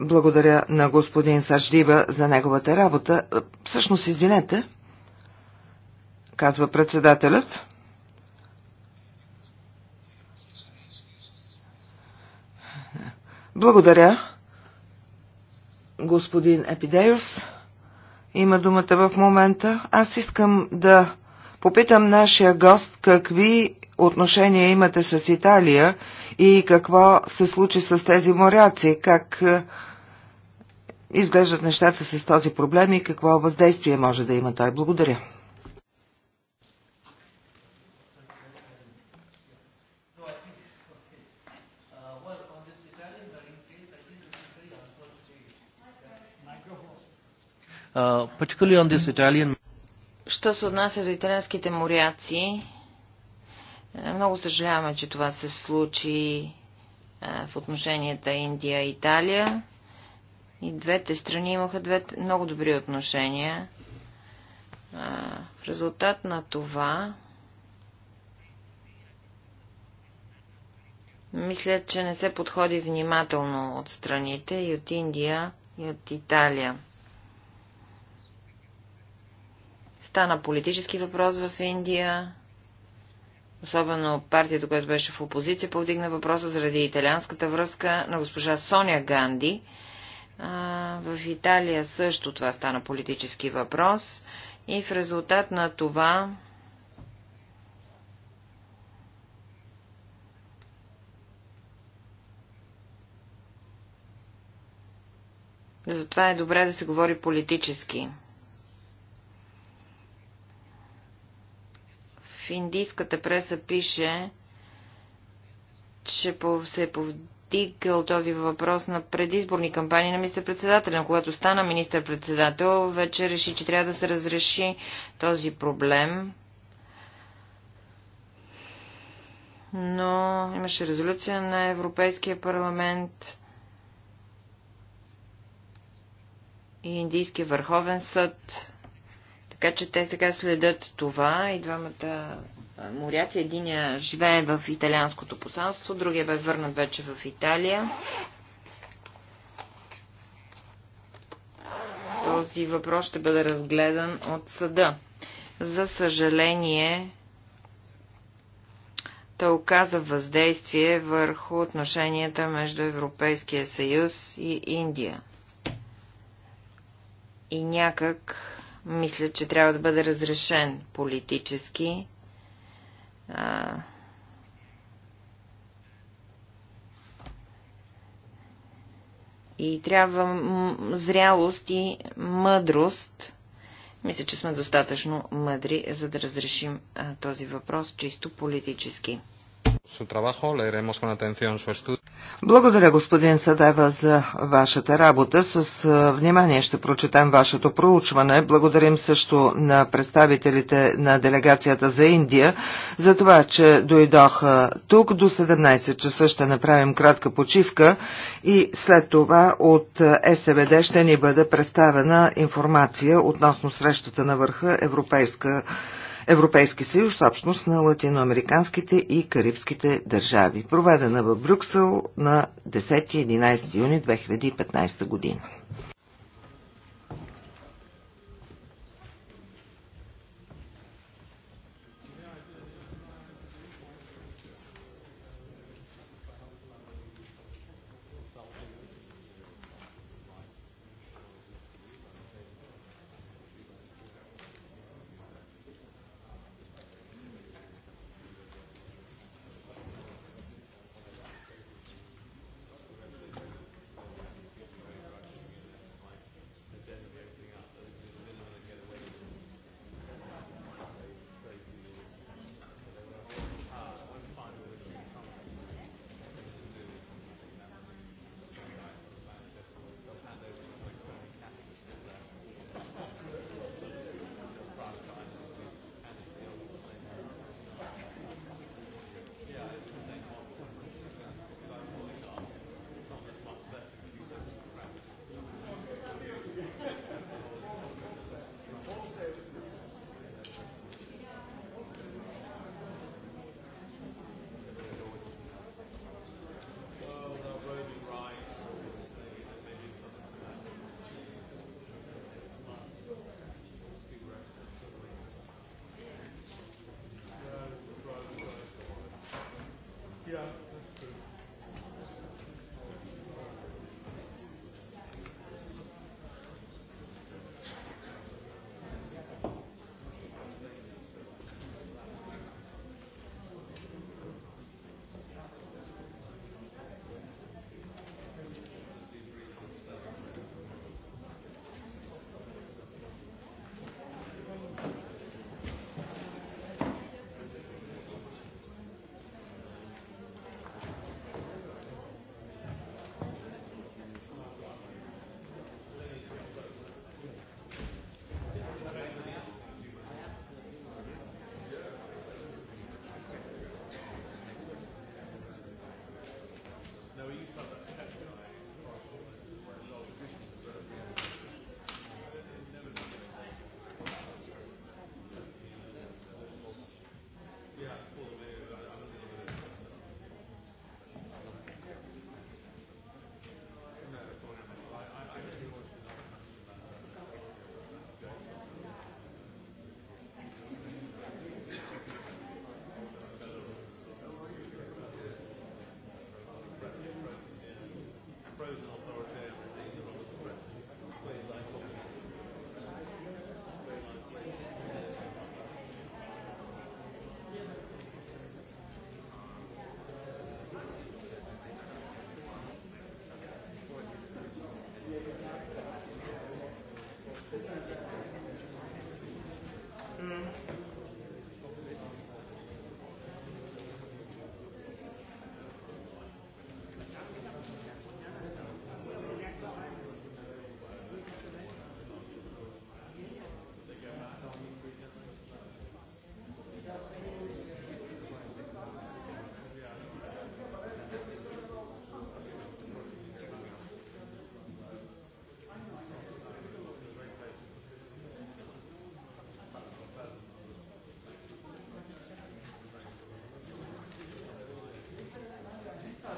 благодаря на господин Саждива за неговата работа. Всъщност, извинете, казва председателят. Благодаря, господин Епидеус има думата в момента. Аз искам да попитам нашия гост какви отношения имате с Италия и какво се случи с тези моряци, как е, изглеждат нещата с този проблем и какво въздействие може да има той. Благодаря. Uh, Що се отнася до италианските моряци, е, много съжаляваме, че това се случи е, в отношенията Индия и Италия. И двете страни имаха двете много добри отношения. Е, в резултат на това, мисля, че не се подходи внимателно от страните и от Индия, и от Италия. Стана политически въпрос в Индия. Особено партията, която беше в опозиция, повдигна въпроса заради италианската връзка на госпожа Соня Ганди. А, в Италия също това стана политически въпрос. И в резултат на това Затова е добре да се говори политически. индийската преса пише, че се е повдигал този въпрос на предизборни кампании на министър-председателя. Когато стана министър-председател, вече реши, че трябва да се разреши този проблем. Но имаше резолюция на Европейския парламент и Индийския върховен съд така че те сега следят това и двамата моряци. Единия живее в италианското посанство, другия бе върнат вече в Италия. Този въпрос ще бъде разгледан от съда. За съжаление, той оказа въздействие върху отношенията между Европейския съюз и Индия. И някак мисля, че трябва да бъде разрешен политически. А... И трябва зрялост и мъдрост. Мисля, че сме достатъчно мъдри, за да разрешим а, този въпрос чисто политически. Благодаря, господин Садева, за вашата работа. С внимание ще прочитам вашето проучване. Благодарим също на представителите на делегацията за Индия за това, че дойдоха тук. До 17 часа ще направим кратка почивка и след това от СВД ще ни бъде представена информация относно срещата на върха Европейска Европейски съюз, общност на латиноамериканските и карибските държави, проведена в Брюксел на 10-11 юни 2015 година.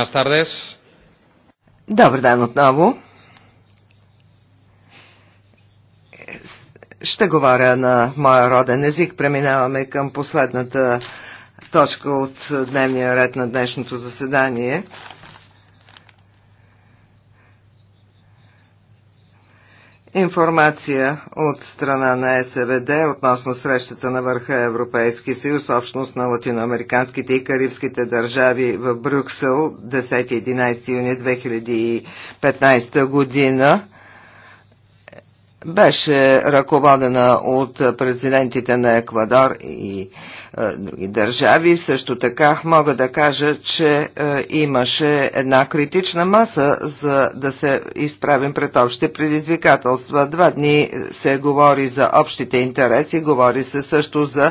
buenas tardes. Добър ден отново. Ще говоря на моя роден език. Преминаваме към последната точка от дневния ред на днешното заседание – информация от страна на СВД относно срещата на върха Европейски съюз, общност на латиноамериканските и карибските държави в Брюксел 10-11 юни 2015 година беше ръководена от президентите на Еквадор и е, други държави. Също така мога да кажа, че е, имаше една критична маса за да се изправим пред общите предизвикателства. Два дни се говори за общите интереси, говори се също за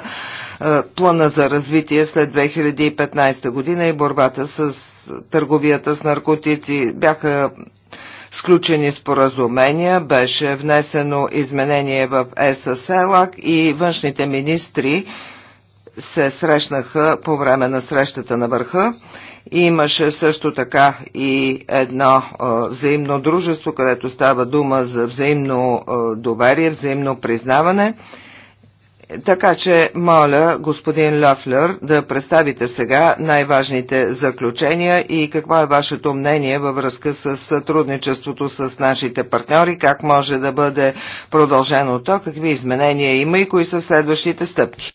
е, плана за развитие след 2015 година и борбата с търговията с наркотици. Бяха сключени споразумения, беше внесено изменение в ССЛАК и външните министри се срещнаха по време на срещата на върха. Имаше също така и едно а, взаимно дружество, където става дума за взаимно а, доверие, взаимно признаване. Така че, моля, господин Лафлер, да представите сега най-важните заключения и какво е вашето мнение във връзка с сътрудничеството с нашите партньори, как може да бъде продължено то, какви изменения има и кои са следващите стъпки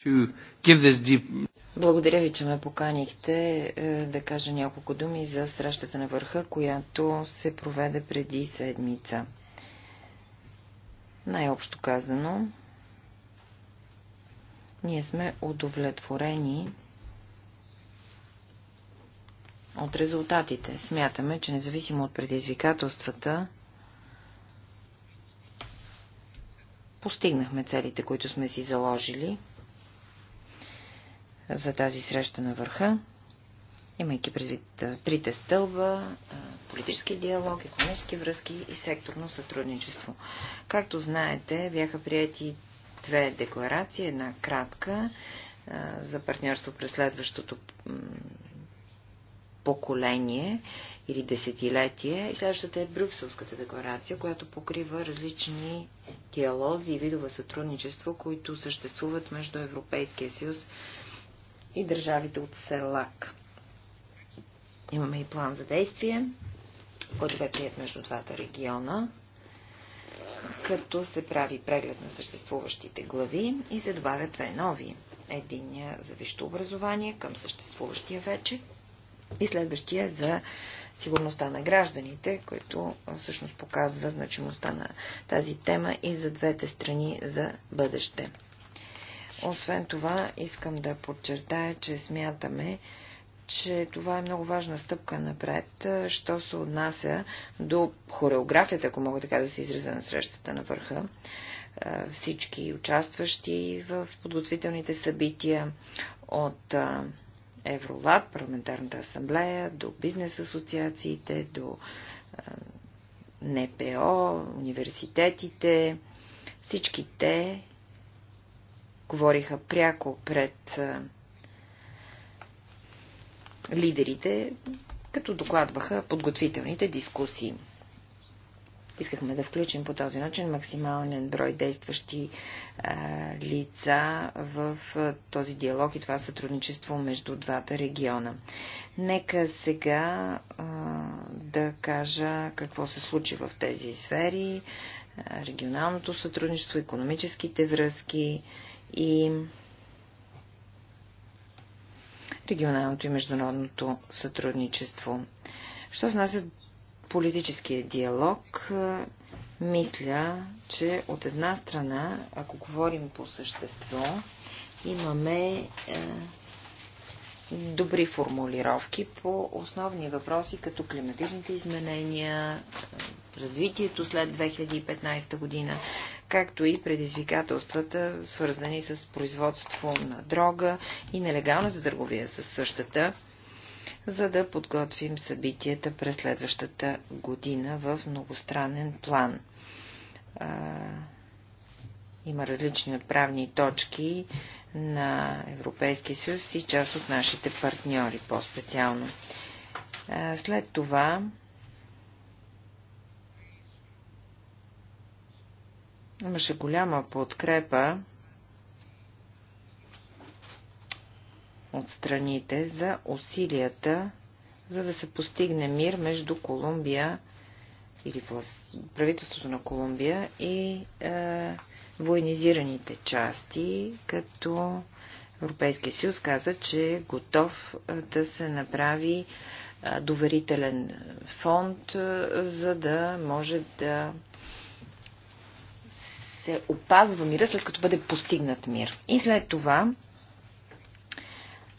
deep... Благодаря ви, че ме поканихте е, да кажа няколко думи за срещата на върха, която се проведе преди седмица. Най-общо казано, ние сме удовлетворени от резултатите. Смятаме, че независимо от предизвикателствата, постигнахме целите, които сме си заложили – за тази среща на върха, имайки предвид трите стълба, политически диалог, економически връзки и секторно сътрудничество. Както знаете, бяха прияти две декларации, една кратка за партньорство през следващото поколение или десетилетие. И следващата е Брюкселската декларация, която покрива различни диалози и видове сътрудничество, които съществуват между Европейския съюз и държавите от СЕЛАК. Имаме и план за действие, който бе прият между двата региона, като се прави преглед на съществуващите глави и се добавят две нови. Единия за висшето образование към съществуващия вече и следващия за сигурността на гражданите, който всъщност показва значимостта на тази тема и за двете страни за бъдеще. Освен това, искам да подчертая, че смятаме, че това е много важна стъпка напред, що се отнася до хореографията, ако мога така да се изреза на срещата на върха. Всички участващи в подготвителните събития от Евролаб, парламентарната асамблея, до бизнес асоциациите, до НПО, университетите, всички те говориха пряко пред лидерите, като докладваха подготвителните дискусии. Искахме да включим по този начин максимален брой действащи а, лица в а, този диалог и това сътрудничество между двата региона. Нека сега а, да кажа какво се случи в тези сфери а, регионалното сътрудничество, економическите връзки и регионалното и международното сътрудничество. Що се е политическия диалог, мисля, че от една страна, ако говорим по същество, имаме добри формулировки по основни въпроси, като климатичните изменения, развитието след 2015 година, както и предизвикателствата, свързани с производство на дрога и нелегалната търговия с същата, за да подготвим събитията през следващата година в многостранен план. Има различни отправни точки на Европейския съюз и част от нашите партньори по-специално. След това имаше голяма подкрепа от страните за усилията, за да се постигне мир между Колумбия или правителството на Колумбия и е, военизираните части, като Европейския съюз каза, че е готов да се направи доверителен фонд, за да може да се опазва мира, след като бъде постигнат мир. И след това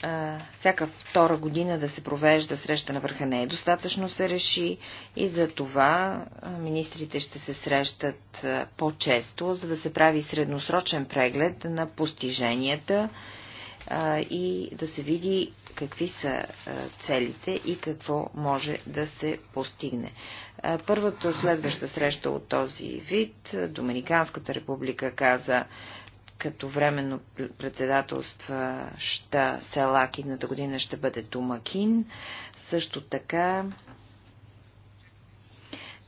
а, всяка втора година да се провежда среща на върха не е достатъчно се реши и за това министрите ще се срещат по-често, за да се прави средносрочен преглед на постиженията а, и да се види какви са целите и какво може да се постигне. Първата следваща среща от този вид, Доминиканската република каза, като временно председателства Шта Селак едната година ще бъде Домакин. Също така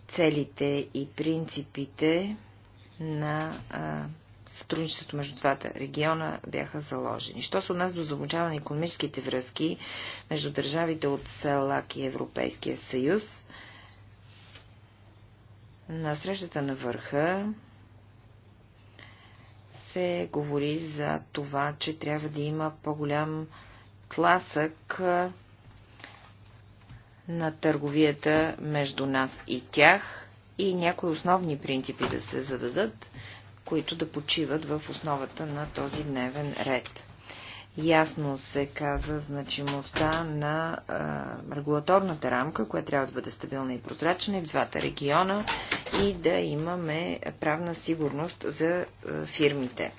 целите и принципите на а, сътрудничеството между двата региона бяха заложени. Що се отнася до заобучаване на економическите връзки между държавите от СЕЛАК и Европейския съюз, на срещата на върха се говори за това, че трябва да има по-голям тласък на търговията между нас и тях и някои основни принципи да се зададат, които да почиват в основата на този дневен ред ясно се каза значимостта на а, регулаторната рамка, която трябва да бъде стабилна и прозрачна и в двата региона и да имаме правна сигурност за а, фирмите.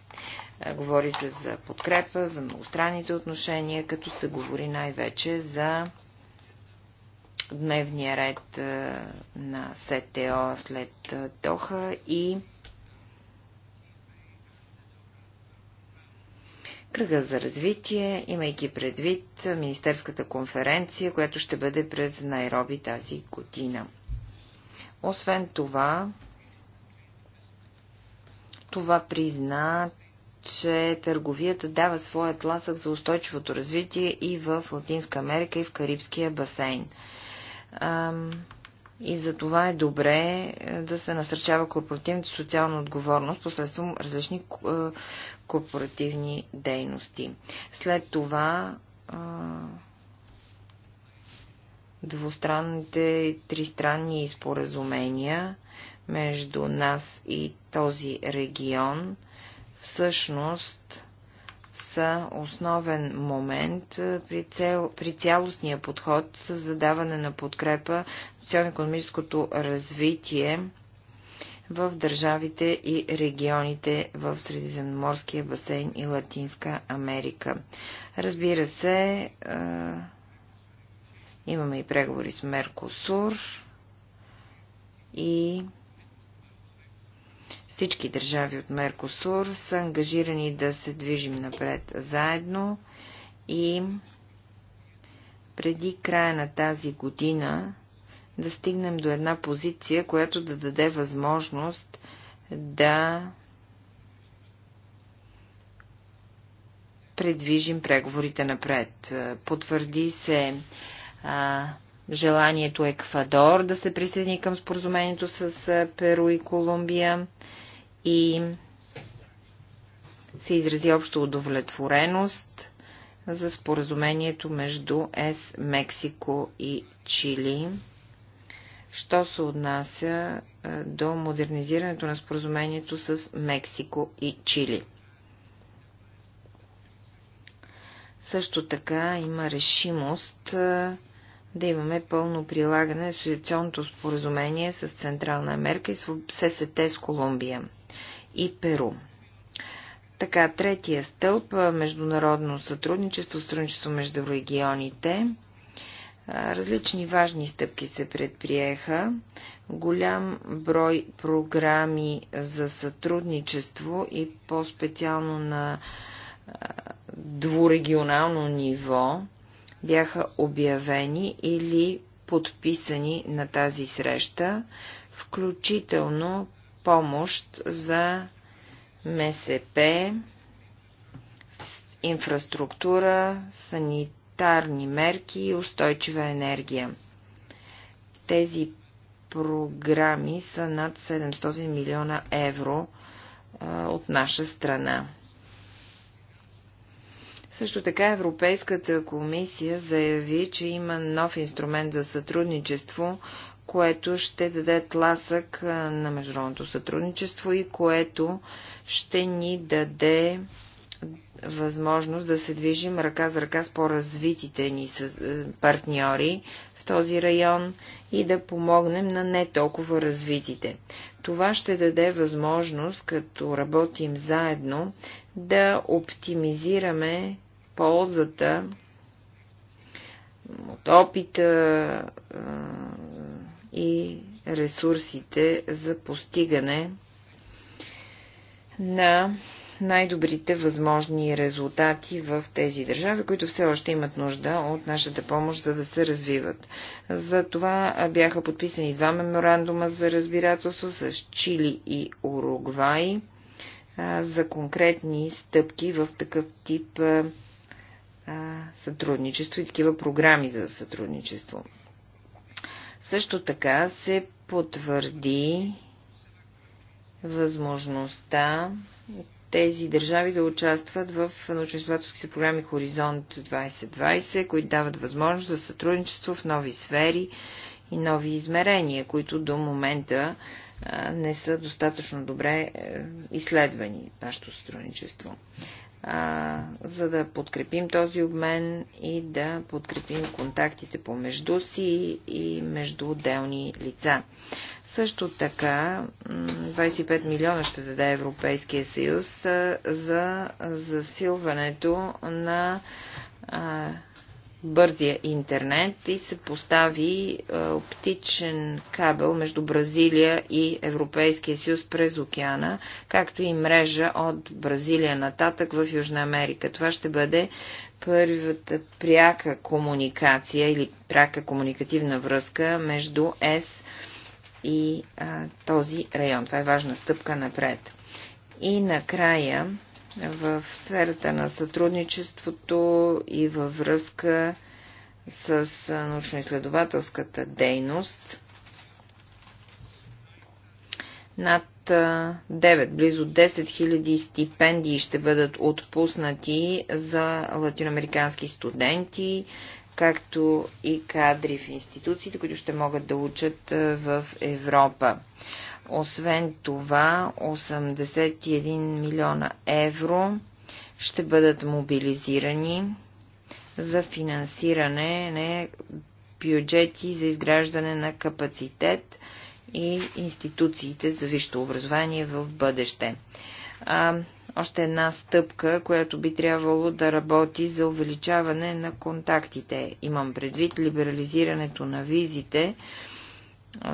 А, говори се за подкрепа, за многостранните отношения, като се говори най-вече за дневния ред а, на СТО след а, ТОХа и кръга за развитие, имайки предвид Министерската конференция, която ще бъде през Найроби тази година. Освен това, това призна, че търговията дава своят ласък за устойчивото развитие и в Латинска Америка, и в Карибския басейн. Ам... И за това е добре е, да се насърчава корпоративната социална отговорност посредством различни е, корпоративни дейности. След това е, двустранните тристранни споразумения между нас и този регион всъщност са основен момент при, цел, при цялостния подход за даване на подкрепа социално-економическото развитие в държавите и регионите в Средиземноморския басейн и Латинска Америка. Разбира се, имаме и преговори с Меркосур и всички държави от Меркосур са ангажирани да се движим напред заедно и преди края на тази година да стигнем до една позиция, която да даде възможност да предвижим преговорите напред. Потвърди се а, желанието Еквадор да се присъедини към споразумението с Перу и Колумбия и се изрази общо удовлетвореност за споразумението между ЕС, Мексико и Чили що се отнася е, до модернизирането на споразумението с Мексико и Чили. Също така има решимост е, да имаме пълно прилагане на асоциационното споразумение с Централна Америка и с ССТ с Колумбия и Перу. Така, третия стълб е, – международно сътрудничество, сътрудничество между регионите – Различни важни стъпки се предприеха. Голям брой програми за сътрудничество и по-специално на двурегионално ниво бяха обявени или подписани на тази среща, включително помощ за МСП, инфраструктура, санит фитосанитарни мерки и устойчива енергия. Тези програми са над 700 милиона евро а, от наша страна. Също така Европейската комисия заяви, че има нов инструмент за сътрудничество, което ще даде тласък на международното сътрудничество и което ще ни даде възможност да се движим ръка за ръка с по-развитите ни е, партньори в този район и да помогнем на не толкова развитите. Това ще даде възможност, като работим заедно, да оптимизираме ползата от опита е, и ресурсите за постигане на най-добрите възможни резултати в тези държави, които все още имат нужда от нашата помощ, за да се развиват. За това бяха подписани два меморандума за разбирателство с Чили и Уругвай за конкретни стъпки в такъв тип сътрудничество и такива програми за сътрудничество. Също така се потвърди възможността тези държави да участват в научно-изследователските програми Хоризонт 2020, които дават възможност за сътрудничество в нови сфери и нови измерения, които до момента не са достатъчно добре е, изследвани нашето сътрудничество за да подкрепим този обмен и да подкрепим контактите помежду си и между отделни лица. Също така 25 милиона ще даде Европейския съюз за засилването на бързия интернет и се постави е, оптичен кабел между Бразилия и Европейския съюз през океана, както и мрежа от Бразилия нататък в Южна Америка. Това ще бъде първата пряка комуникация или пряка комуникативна връзка между ЕС и а, този район. Това е важна стъпка напред. И накрая в сферата на сътрудничеството и във връзка с научно-изследователската дейност. Над 9, близо 10 000 стипендии ще бъдат отпуснати за латиноамерикански студенти, както и кадри в институциите, които ще могат да учат в Европа. Освен това, 81 милиона евро ще бъдат мобилизирани за финансиране на бюджети за изграждане на капацитет и институциите за висшето образование в бъдеще. А, още една стъпка, която би трябвало да работи за увеличаване на контактите. Имам предвид либерализирането на визите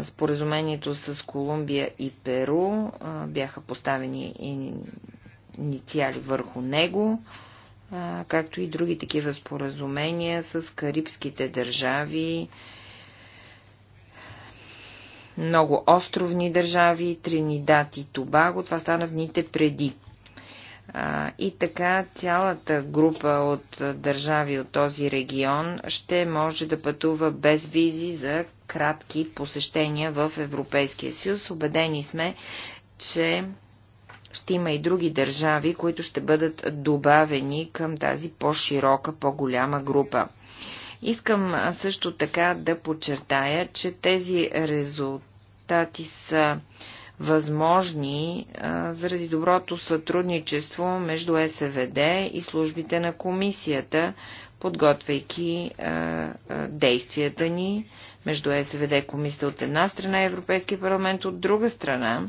споразумението с Колумбия и Перу бяха поставени инициали върху него, както и други такива споразумения с карибските държави, много островни държави, Тринидад и Тобаго. Това стана в дните преди. И така цялата група от държави от този регион ще може да пътува без визи за кратки посещения в Европейския съюз. Обедени сме, че ще има и други държави, които ще бъдат добавени към тази по-широка, по-голяма група. Искам също така да подчертая, че тези резултати са възможни заради доброто сътрудничество между СВД и службите на комисията, подготвяйки действията ни между СВД комисията от една страна и Европейския парламент от друга страна,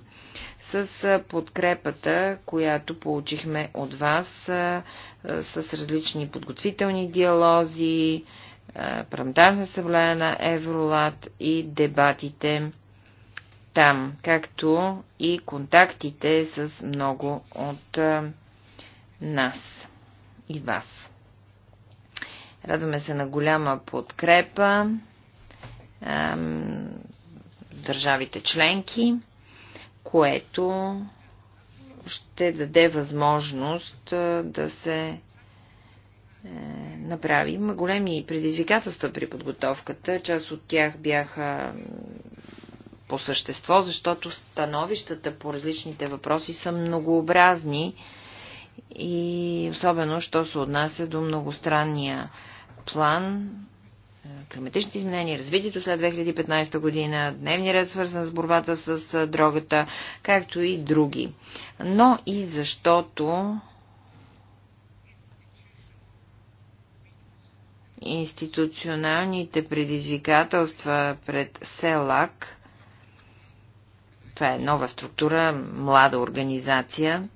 с подкрепата, която получихме от вас с различни подготвителни диалози, парламентарна събрание на Евролат и дебатите там, както и контактите с много от нас и вас. Радваме се на голяма подкрепа държавите членки, което ще даде възможност да се е, направи. Има големи предизвикателства при подготовката. Част от тях бяха по същество, защото становищата по различните въпроси са многообразни и особено, що се отнася до многостранния план, е, климатичните изменения, развитието след 2015 година, дневни ред свързан с борбата с е, дрогата, както и други. Но и защото институционалните предизвикателства пред СЕЛАК това е нова структура, млада организация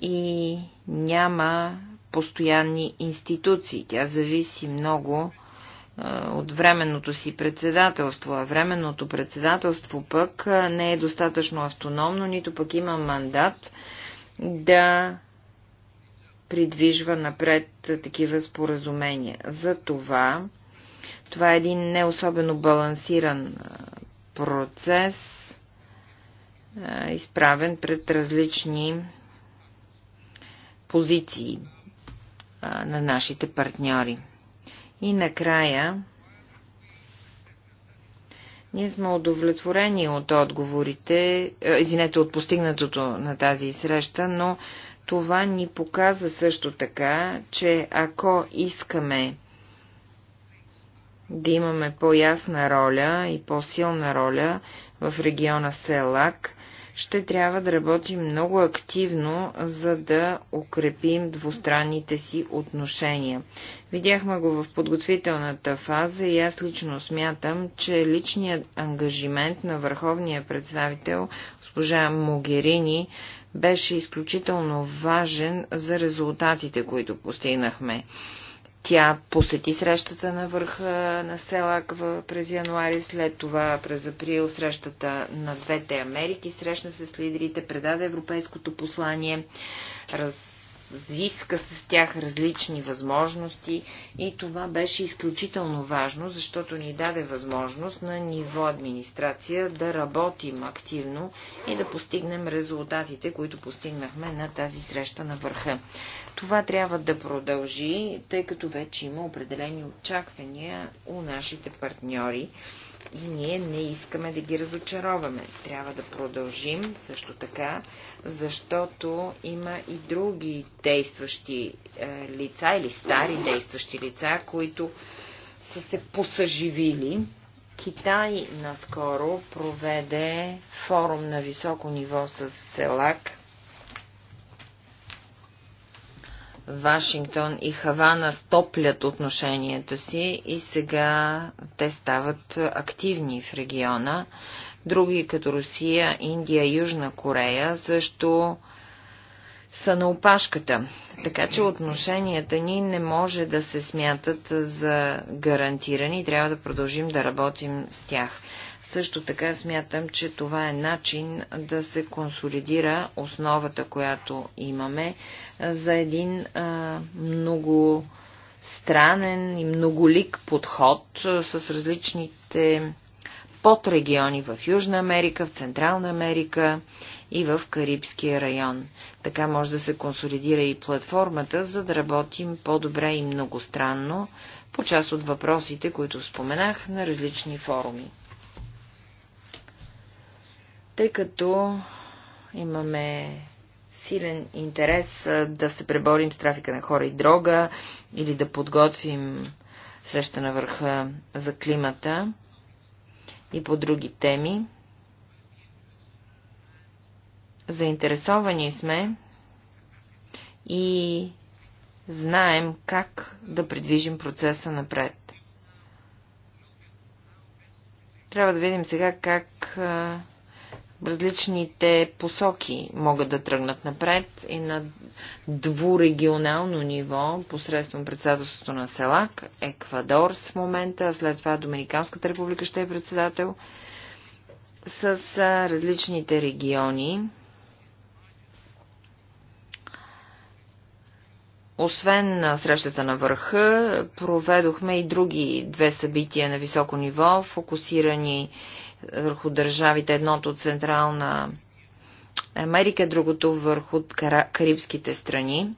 и няма постоянни институции. Тя зависи много от временното си председателство, а временното председателство пък не е достатъчно автономно, нито пък има мандат да придвижва напред такива споразумения. За това, това е един не особено балансиран процес, изправен пред различни позиции на нашите партньори. И накрая, ние сме удовлетворени от отговорите, извинете, от постигнатото на тази среща, но това ни показа също така, че ако искаме да имаме по-ясна роля и по-силна роля в региона Селак, ще трябва да работим много активно, за да укрепим двустранните си отношения. Видяхме го в подготвителната фаза и аз лично смятам, че личният ангажимент на върховния представител госпожа Могерини беше изключително важен за резултатите, които постигнахме. Тя посети срещата на върха на Селак през януари, след това през април срещата на двете Америки, срещна се с лидерите, предаде европейското послание, разиска с тях различни възможности и това беше изключително важно, защото ни даде възможност на ниво администрация да работим активно и да постигнем резултатите, които постигнахме на тази среща на върха. Това трябва да продължи, тъй като вече има определени очаквания у нашите партньори и ние не искаме да ги разочароваме. Трябва да продължим също така, защото има и други действащи е, лица или стари действащи лица, които са се посъживили. Китай наскоро проведе форум на високо ниво с СЕЛАК – Вашингтон и Хавана стоплят отношението си и сега те стават активни в региона. Други, като Русия, Индия, Южна Корея, също са на опашката. Така че отношенията ни не може да се смятат за гарантирани. Трябва да продължим да работим с тях. Също така смятам, че това е начин да се консолидира основата, която имаме за един а, много странен и многолик подход с различните подрегиони в Южна Америка, в Централна Америка и в Карибския район. Така може да се консолидира и платформата, за да работим по-добре и многостранно по част от въпросите, които споменах на различни форуми тъй като имаме силен интерес да се преборим с трафика на хора и дрога или да подготвим среща на върха за климата и по други теми. Заинтересовани сме и знаем как да придвижим процеса напред. Трябва да видим сега как различните посоки могат да тръгнат напред и на двурегионално ниво, посредством председателството на СЕЛАК, Еквадор с момента, а след това Доминиканската република ще е председател, с различните региони. Освен на срещата на върха, проведохме и други две събития на високо ниво, фокусирани върху държавите, едното от Централна Америка, другото върху Карибските страни.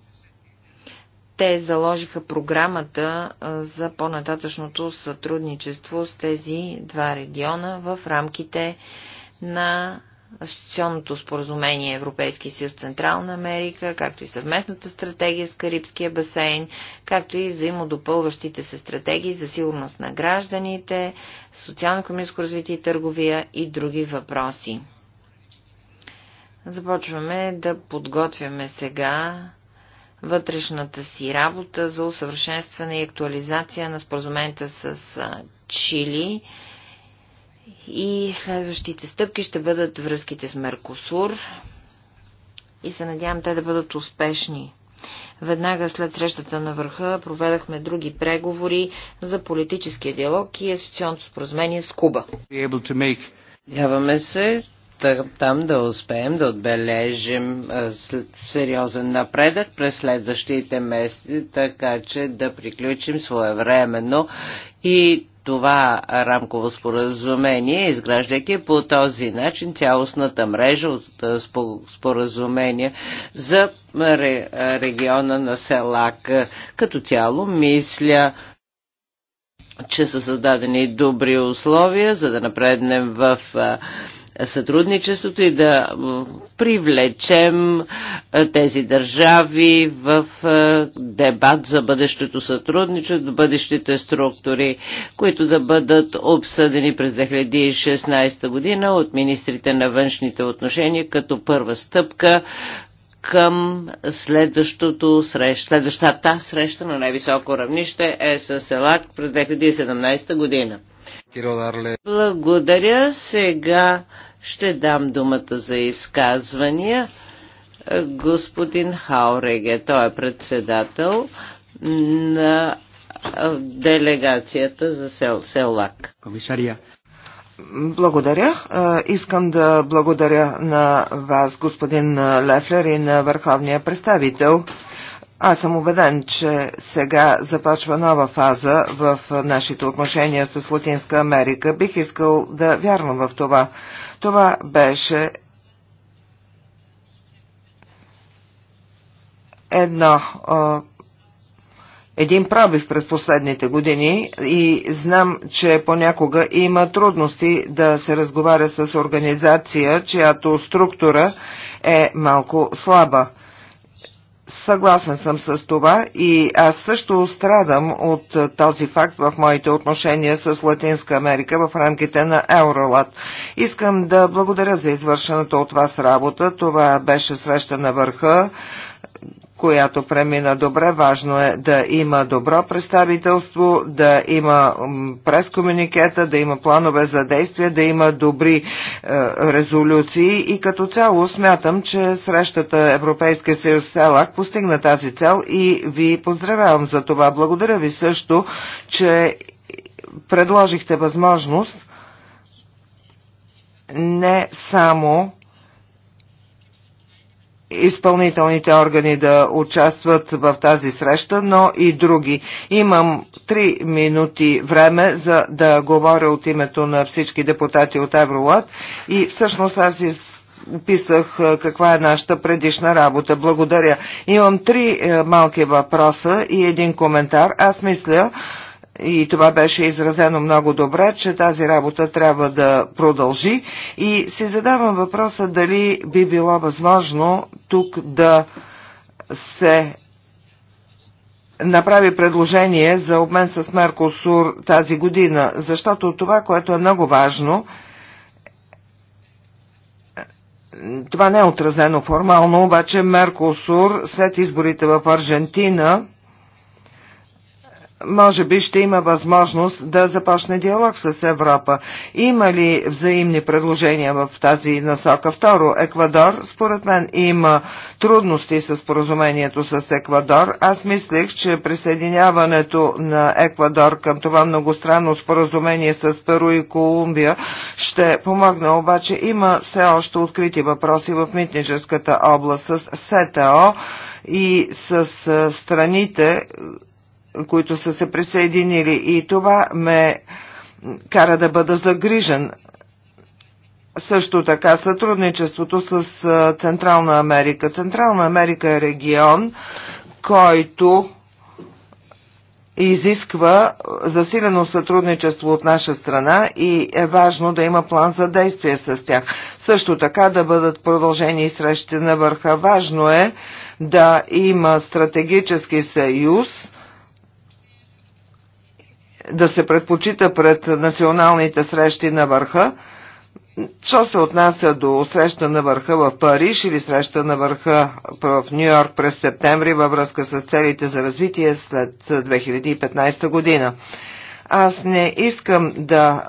Те заложиха програмата за по-нататъчното сътрудничество с тези два региона в рамките на асоциационното споразумение Европейския съюз Централна Америка, както и съвместната стратегия с Карибския басейн, както и взаимодопълващите се стратегии за сигурност на гражданите, социално-економическо развитие и търговия и други въпроси. Започваме да подготвяме сега вътрешната си работа за усъвършенстване и актуализация на споразумента с Чили, и следващите стъпки ще бъдат връзките с Меркосур и се надявам те да бъдат успешни. Веднага след срещата на върха проведахме други преговори за политическия диалог и асоциалното споразумение с Куба. Надяваме се там да успеем да отбележим сериозен напредък през следващите месеци, така че да приключим своевременно и това рамково споразумение, изграждайки по този начин цялостната мрежа от споразумения за региона на Селак. Като цяло, мисля, че са създадени добри условия, за да напреднем в сътрудничеството и да привлечем тези държави в дебат за бъдещето сътрудничество, бъдещите структури, които да бъдат обсъдени през 2016 година от министрите на външните отношения като първа стъпка към следващото срещ, следващата среща на най-високо равнище е с ЕЛАК през 2017 година. Благодаря. Сега ще дам думата за изказвания. Господин Хауреге, той е председател на делегацията за сел, Селак. Комисария. Благодаря. Искам да благодаря на вас, господин Лефлер и на върховния представител. Аз съм убеден, че сега започва нова фаза в нашите отношения с Латинска Америка. Бих искал да вярвам в това. Това беше едно един пробив през последните години и знам, че понякога има трудности да се разговаря с организация, чиято структура е малко слаба. Съгласен съм с това и аз също страдам от този факт в моите отношения с Латинска Америка в рамките на Евролат. Искам да благодаря за извършената от вас работа. Това беше среща на върха която премина добре. Важно е да има добро представителство, да има прескомуникета, да има планове за действие, да има добри е, резолюции и като цяло смятам, че срещата Европейския съюз СЕЛАК постигна тази цел и ви поздравявам за това. Благодаря ви също, че предложихте възможност не само изпълнителните органи да участват в тази среща, но и други. Имам три минути време за да говоря от името на всички депутати от Евролад и всъщност аз описах каква е нашата предишна работа. Благодаря. Имам три е, малки въпроса и един коментар. Аз мисля, и това беше изразено много добре, че тази работа трябва да продължи и си задавам въпроса дали би било възможно тук да се направи предложение за обмен с Меркосур тази година, защото това, което е много важно, това не е отразено формално, обаче Меркосур след изборите в Аржентина може би ще има възможност да започне диалог с Европа. Има ли взаимни предложения в тази насока? Второ, Еквадор, според мен, има трудности с поразумението с Еквадор. Аз мислех, че присъединяването на Еквадор към това многостранно споразумение с Перу и Колумбия ще помогне, обаче има все още открити въпроси в митническата област с СТО и с страните, които са се присъединили и това ме кара да бъда загрижен. Също така сътрудничеството с Централна Америка. Централна Америка е регион, който изисква засилено сътрудничество от наша страна и е важно да има план за действие с тях. Също така да бъдат продължени и срещите на върха. Важно е да има стратегически съюз, да се предпочита пред националните срещи на върха. Що се отнася до среща на върха в Париж или среща на върха в Нью Йорк през септември във връзка с целите за развитие след 2015 година. Аз не искам да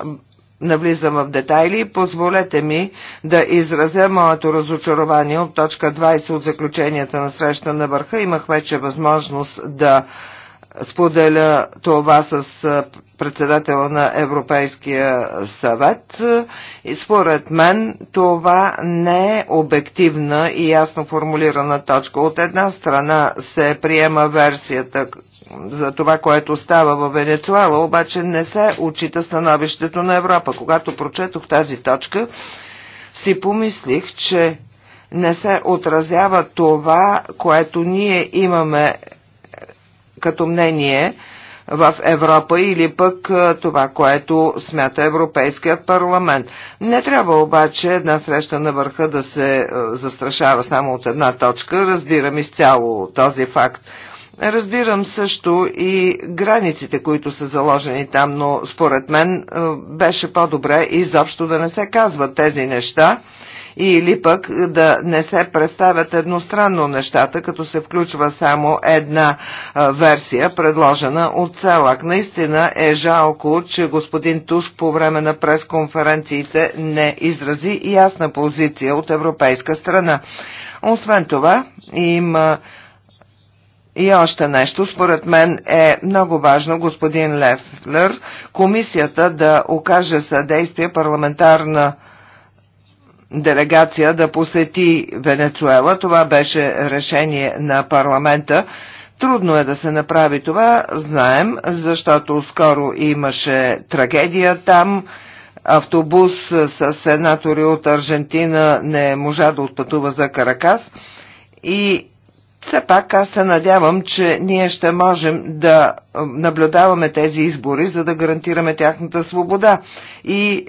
навлизам в детайли, позволете ми да изразя моето разочарование от точка 20 от заключенията на среща на върха. Имах вече възможност да споделя това с председател на Европейския съвет. И според мен това не е обективна и ясно формулирана точка. От една страна се приема версията за това, което става в Венецуела, обаче не се очита становището на Европа. Когато прочетох тази точка, си помислих, че не се отразява това, което ние имаме като мнение в Европа или пък това, което смята Европейският парламент. Не трябва обаче една среща на върха да се застрашава само от една точка. Разбирам изцяло този факт. Разбирам също и границите, които са заложени там, но според мен беше по-добре изобщо да не се казват тези неща или пък да не се представят едностранно нещата, като се включва само една версия, предложена от ЦЕЛАК. Наистина е жалко, че господин Туск по време на пресконференциите не изрази ясна позиция от европейска страна. Освен това, има и още нещо, според мен е много важно, господин Лефлер, комисията да окаже съдействие парламентарна делегация да посети Венецуела. Това беше решение на парламента. Трудно е да се направи това, знаем, защото скоро имаше трагедия там. Автобус с сенатори от Аржентина не можа да отпътува за Каракас. И все пак аз се надявам, че ние ще можем да наблюдаваме тези избори, за да гарантираме тяхната свобода. И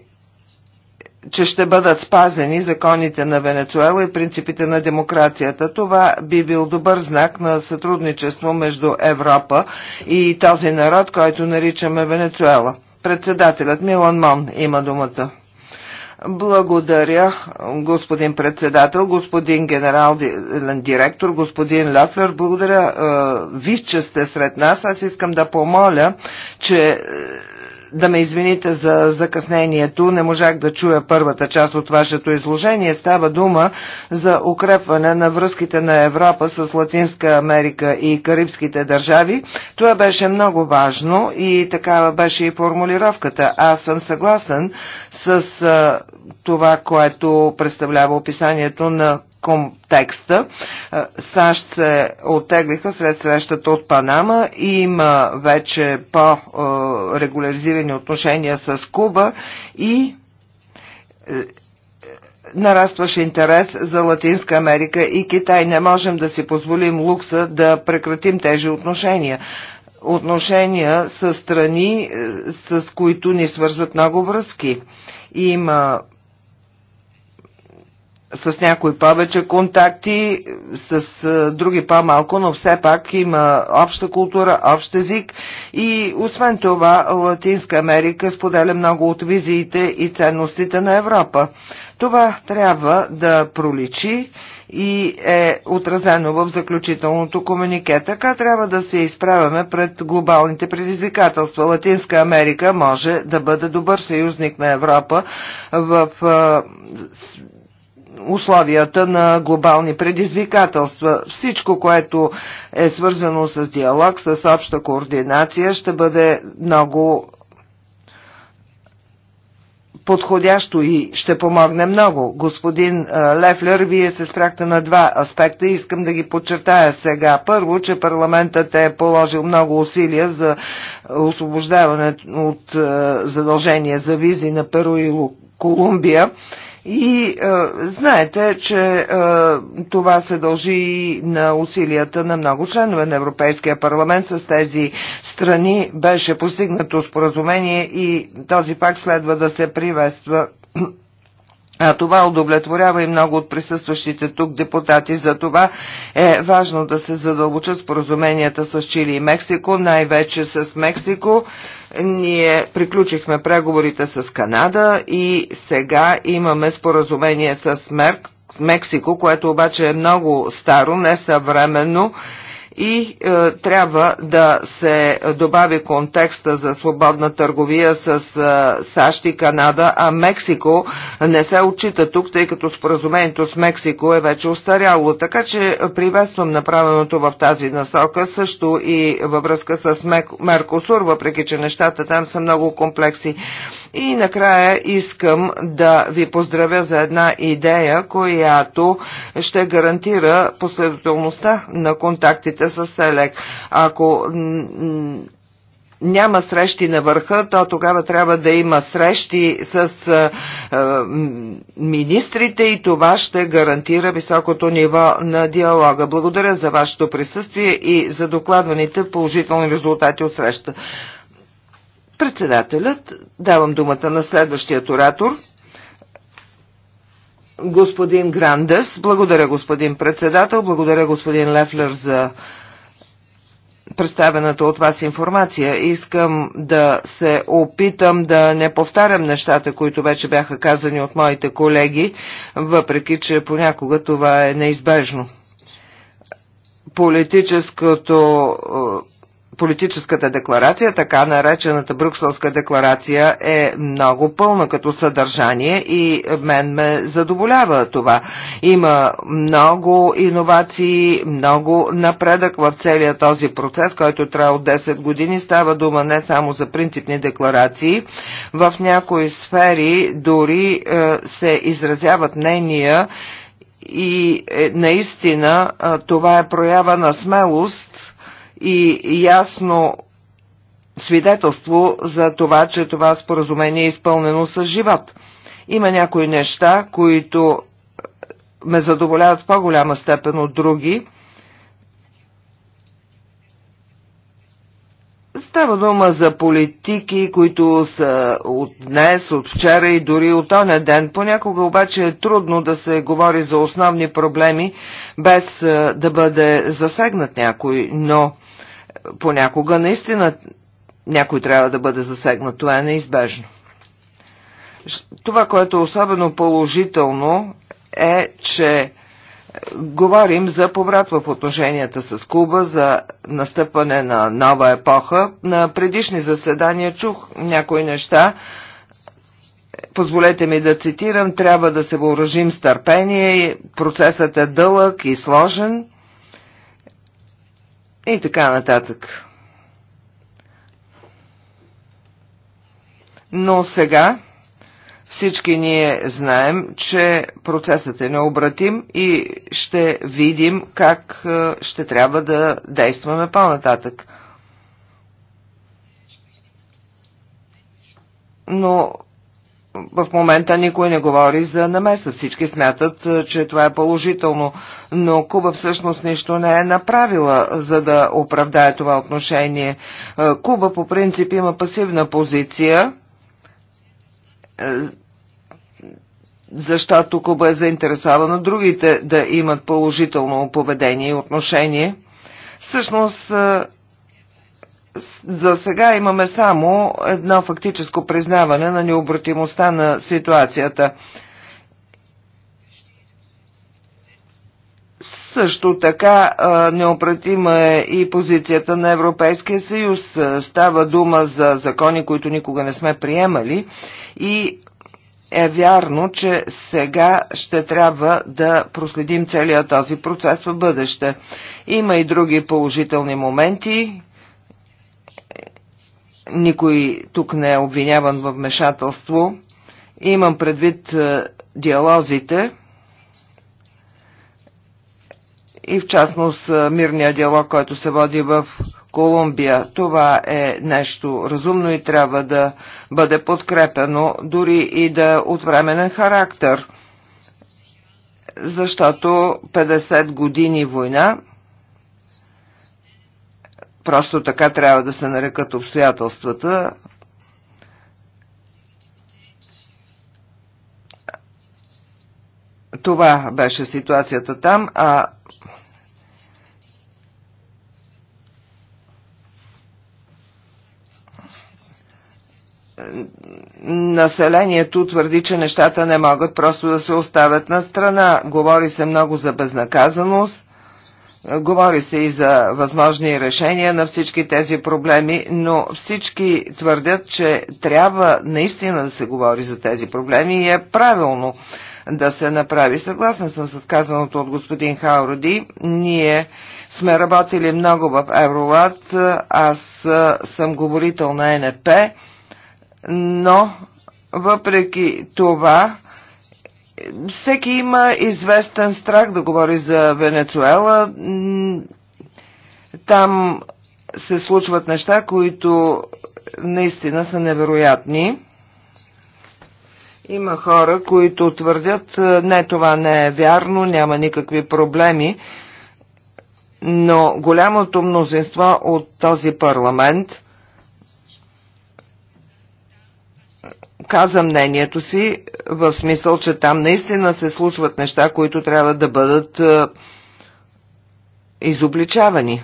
че ще бъдат спазени законите на Венецуела и принципите на демокрацията. Това би бил добър знак на сътрудничество между Европа и този народ, който наричаме Венецуела. Председателят Милан Мон има думата. Благодаря, господин председател, господин генерал директор, господин Лафлер. Благодаря е, ви, че сте сред нас. Аз искам да помоля, че е, да ме извините за закъснението, не можах да чуя първата част от вашето изложение. Става дума за укрепване на връзките на Европа с Латинска Америка и Карибските държави. Това беше много важно и такава беше и формулировката. Аз съм съгласен с това, което представлява описанието на контекста. Е, САЩ се оттеглиха след срещата от Панама и има вече по-регуляризирани отношения с Куба и е, нарастваше интерес за Латинска Америка и Китай. Не можем да си позволим лукса да прекратим тези отношения отношения с страни, е, с които ни свързват много връзки. Има с някои повече контакти, с а, други по-малко, но все пак има обща култура, общ език и освен това Латинска Америка споделя много от визиите и ценностите на Европа. Това трябва да проличи и е отразено в заключителното комунике. Така трябва да се изправяме пред глобалните предизвикателства. Латинска Америка може да бъде добър съюзник на Европа в условията на глобални предизвикателства. Всичко, което е свързано с диалог, с обща координация, ще бъде много подходящо и ще помогне много. Господин Лефлер, вие се спряхте на два аспекта и искам да ги подчертая сега. Първо, че парламентът е положил много усилия за освобождаване от задължения за визи на Перу и Колумбия. И е, знаете, че е, това се дължи и на усилията на много членове на Европейския парламент с тези страни. Беше постигнато споразумение и този пак следва да се приветства. А това удовлетворява и много от присъстващите тук депутати. За това е важно да се задълбочат споразуменията с Чили и Мексико, най-вече с Мексико. Ние приключихме преговорите с Канада и сега имаме споразумение с Мерк, Мексико, което обаче е много старо, несъвременно и е, трябва да се добави контекста за свободна търговия с е, САЩ и Канада, а Мексико не се отчита тук, тъй като споразумението с Мексико е вече устаряло. Така че приветствам направеното в тази насока, също и във връзка с Меркосур, въпреки че нещата там са много комплекси. И накрая искам да ви поздравя за една идея, която ще гарантира последователността на контактите срещите с СЕЛЕК. Ако няма срещи на върха, то тогава трябва да има срещи с а, министрите и това ще гарантира високото ниво на диалога. Благодаря за вашето присъствие и за докладваните положителни резултати от среща. Председателят, давам думата на следващия оратор господин Грандес. Благодаря, господин председател. Благодаря, господин Лефлер, за представената от вас информация. Искам да се опитам да не повтарям нещата, които вече бяха казани от моите колеги, въпреки че понякога това е неизбежно. Политическото политическата декларация, така наречената Брюкселска декларация е много пълна като съдържание и мен ме задоволява това. Има много иновации, много напредък в целия този процес, който трябва от 10 години. Става дума не само за принципни декларации. В някои сфери дори е, се изразяват мнения и е, наистина е, това е проява на смелост – и ясно свидетелство за това, че това споразумение е изпълнено с живот. Има някои неща, които е, ме задоволяват в по-голяма степен от други. Става дума за политики, които са от днес, от вчера и дори от оня ден. Понякога обаче е трудно да се говори за основни проблеми, без е, да бъде засегнат някой, но понякога наистина някой трябва да бъде засегнат. Това е неизбежно. Това, което е особено положително е, че е, говорим за поврат в отношенията с Куба, за настъпване на нова епоха. На предишни заседания чух някои неща. Позволете ми да цитирам, трябва да се въоръжим с търпение, процесът е дълъг и сложен – и така нататък. Но сега всички ние знаем, че процесът е необратим и ще видим как е, ще трябва да действаме по-нататък. Но в момента никой не говори за намеса. Всички смятат, е, че това е положително, но Куба всъщност нищо не е направила, за да оправдае това отношение. Е, Куба по принцип има пасивна позиция, е, защото Куба е заинтересована другите да имат положително поведение и отношение. Всъщност за сега имаме само едно фактическо признаване на необратимостта на ситуацията. Също така необратима е и позицията на Европейския съюз. Става дума за закони, които никога не сме приемали и е вярно, че сега ще трябва да проследим целият този процес в бъдеще. Има и други положителни моменти, никой тук не е обвиняван в вмешателство. Имам предвид е, диалозите и в частност е, мирния диалог, който се води в Колумбия. Това е нещо разумно и трябва да бъде подкрепено, дори и да е от временен характер, защото 50 години война просто така трябва да се нарекат обстоятелствата, това беше ситуацията там, а населението твърди, че нещата не могат просто да се оставят на страна. Говори се много за безнаказаност, е, говори се и за възможни решения на всички тези проблеми, но всички твърдят, че трябва наистина да се говори за тези проблеми и е правилно да се направи. Съгласен съм с казаното от господин Хауроди. Ние сме работили много в Евролад. Аз е, съм говорител на НП, но въпреки това всеки има известен страх да говори за Венецуела. Там се случват неща, които наистина са невероятни. Има хора, които твърдят, е, не, това не е вярно, няма никакви проблеми, но голямото мнозинство от този парламент – каза мнението си, в смисъл, че там наистина се случват неща, които трябва да бъдат е, изобличавани.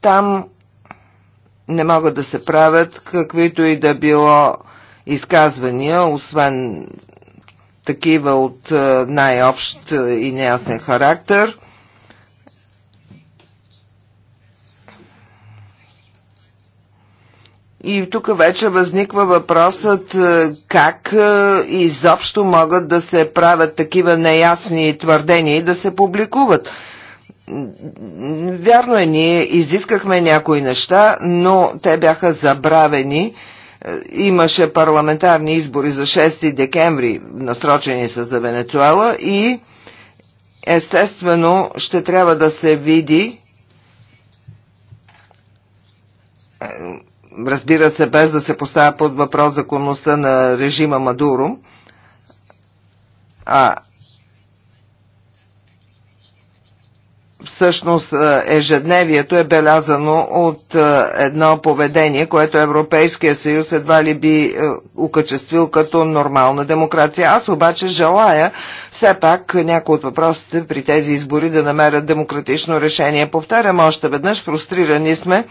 Там не могат да се правят каквито и да било изказвания, освен такива от е, най-общ и неясен характер. И тук вече възниква въпросът е, как е, изобщо могат да се правят такива неясни твърдения и да се публикуват. Вярно е, ние изискахме някои неща, но те бяха забравени. Е, имаше парламентарни избори за 6 декември, насрочени са за Венецуела и естествено ще трябва да се види разбира се, без да се поставя под въпрос законността на режима Мадуро, а всъщност е, ежедневието е белязано от е, едно поведение, което Европейския съюз едва ли би окачествил е, като нормална демокрация. Аз обаче желая все пак някои от въпросите при тези избори да намерят демократично решение. Повтарям още веднъж, фрустрирани сме,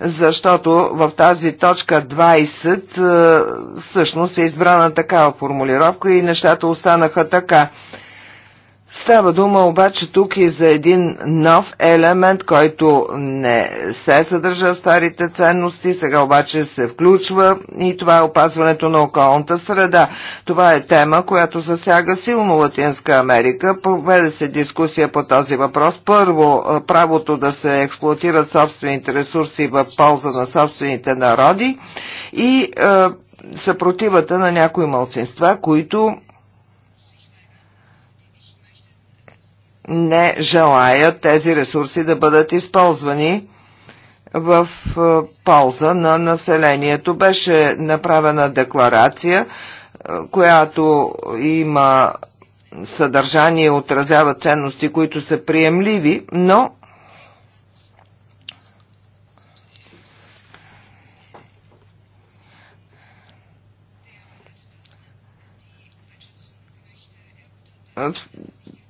защото в тази точка 20 всъщност е избрана такава формулировка и нещата останаха така. Става дума обаче тук и за един нов елемент, който не се съдържа в старите ценности, сега обаче се включва и това е опазването на околната среда. Това е тема, която засяга силно Латинска Америка. Проведе се дискусия по този въпрос. Първо, е, правото да се експлуатират собствените ресурси в полза на собствените народи и е, съпротивата на някои малцинства, които не желаят тези ресурси да бъдат използвани в е, полза на населението. Беше направена декларация, е, която има съдържание, отразява ценности, които са приемливи, но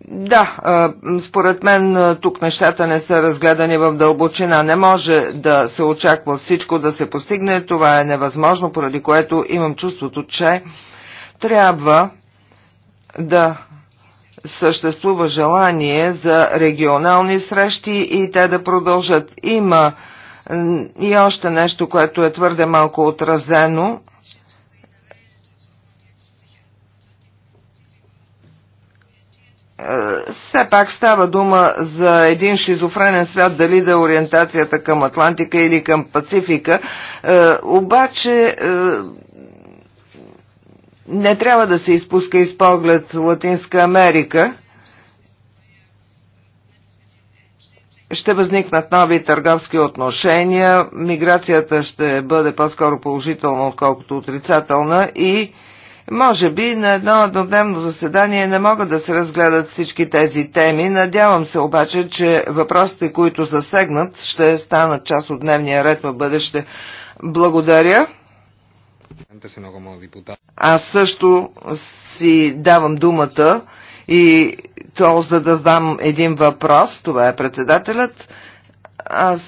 да, според мен тук нещата не са разгледани в дълбочина. Не може да се очаква всичко да се постигне. Това е невъзможно, поради което имам чувството, че трябва да съществува желание за регионални срещи и те да продължат. Има и още нещо, което е твърде малко отразено – все пак става дума за един шизофренен свят, дали да е ориентацията към Атлантика или към Пацифика. Е, обаче е, не трябва да се изпуска из поглед Латинска Америка. ще възникнат нови търговски отношения, миграцията ще бъде по-скоро положителна, отколкото отрицателна и може би на едно еднодневно заседание не могат да се разгледат всички тези теми. Надявам се обаче, че въпросите, които засегнат, ще станат част от дневния ред в бъдеще. Благодаря. Аз също си давам думата и то за да задам един въпрос, това е председателят. Аз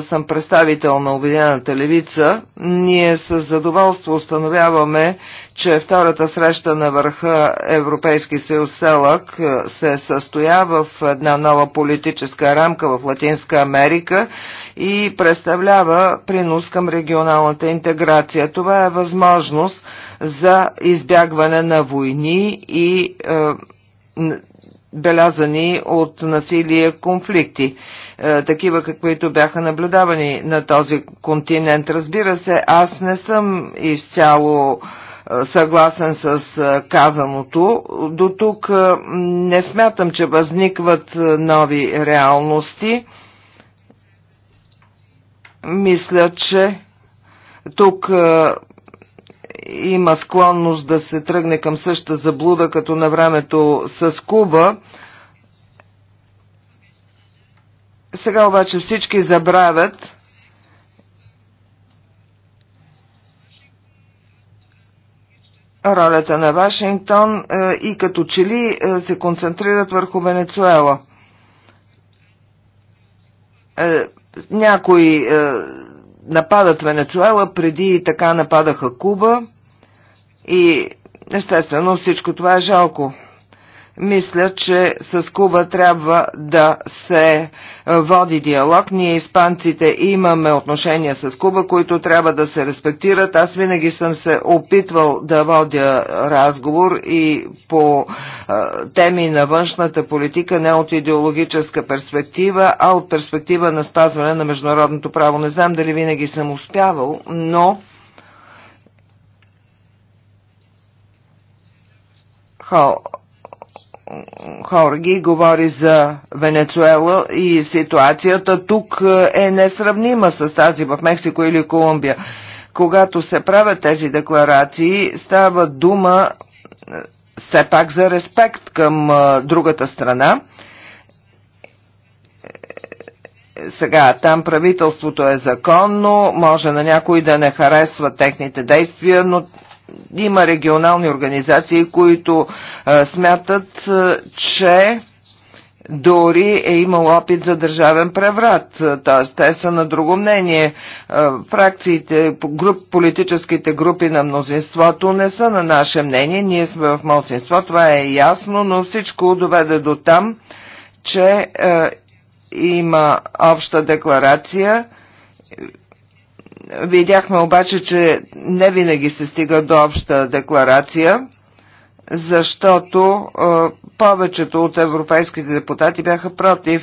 съм представител на Обединената левица. Ние с задоволство установяваме, че втората среща на върха Европейски съюз селък е, се състоя в една нова политическа рамка в Латинска Америка и представлява принос към регионалната интеграция. Това е възможност за избягване на войни и е, белязани от насилие конфликти е, такива, каквито бяха наблюдавани на този континент. Разбира се, аз не съм изцяло съгласен с казаното. До тук не смятам, че възникват нови реалности. Мисля, че тук има склонност да се тръгне към същата заблуда, като на времето с Куба. Сега обаче всички забравят, ролята на Вашингтон е, и като че ли е, се концентрират върху Венецуела. Е, някои нападат Венецуела, преди така нападаха Куба и естествено всичко това е жалко мисля, че с Куба трябва да се е, води диалог. Ние, испанците, имаме отношения с Куба, които трябва да се респектират. Аз винаги съм се опитвал да водя разговор и по е, теми на външната политика не от идеологическа перспектива, а от перспектива на спазване на международното право. Не знам дали винаги съм успявал, но Хао Хорги говори за Венецуела и ситуацията тук е, е несравнима с тази в Мексико или Колумбия. Когато се правят тези декларации, става дума е, все пак за респект към е, другата страна. Сега, там правителството е законно, може на някой да не харесва техните действия, но има регионални организации, които а, смятат, а, че дори е имал опит за държавен преврат, т.е. те са на друго мнение. Фракциите, груп, политическите групи на мнозинството не са на наше мнение, ние сме в мълцинство, това е ясно, но всичко доведе до там, че е, има обща декларация Видяхме обаче, че не винаги се стига до обща декларация, защото повечето от европейските депутати бяха против.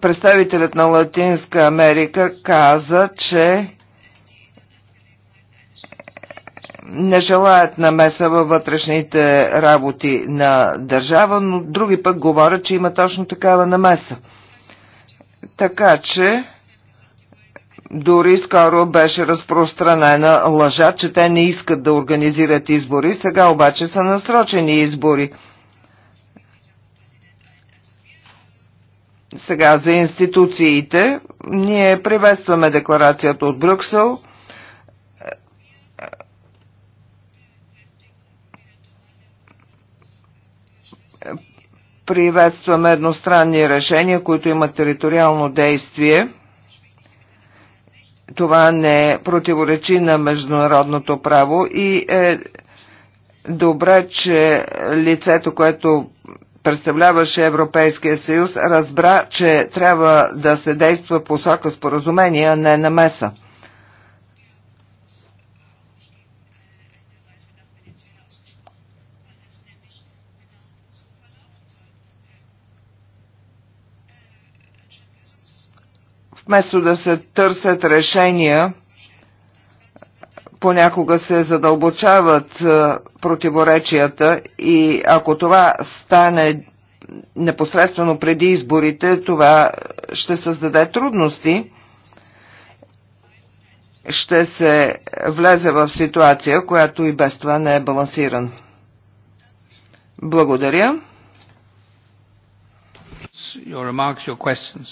Представителят на Латинска Америка каза, че не желаят намеса във вътрешните работи на държава, но други пък говорят, че има точно такава намеса. Така че дори скоро беше разпространена лъжа, че те не искат да организират избори, сега обаче са насрочени избори. Сега за институциите. Ние приветстваме декларацията от Брюксел. Приветстваме едностранни решения, които имат териториално действие това не противоречи на международното право и е добре, че лицето, което представляваше Европейския съюз, разбра, че трябва да се действа посока споразумение, а не намеса. Вместо да се търсят решения, понякога се задълбочават е, противоречията и ако това стане непосредствено преди изборите, това ще създаде трудности. Ще се влезе в ситуация, която и без това не е балансиран. Благодаря. Your remarks, your questions.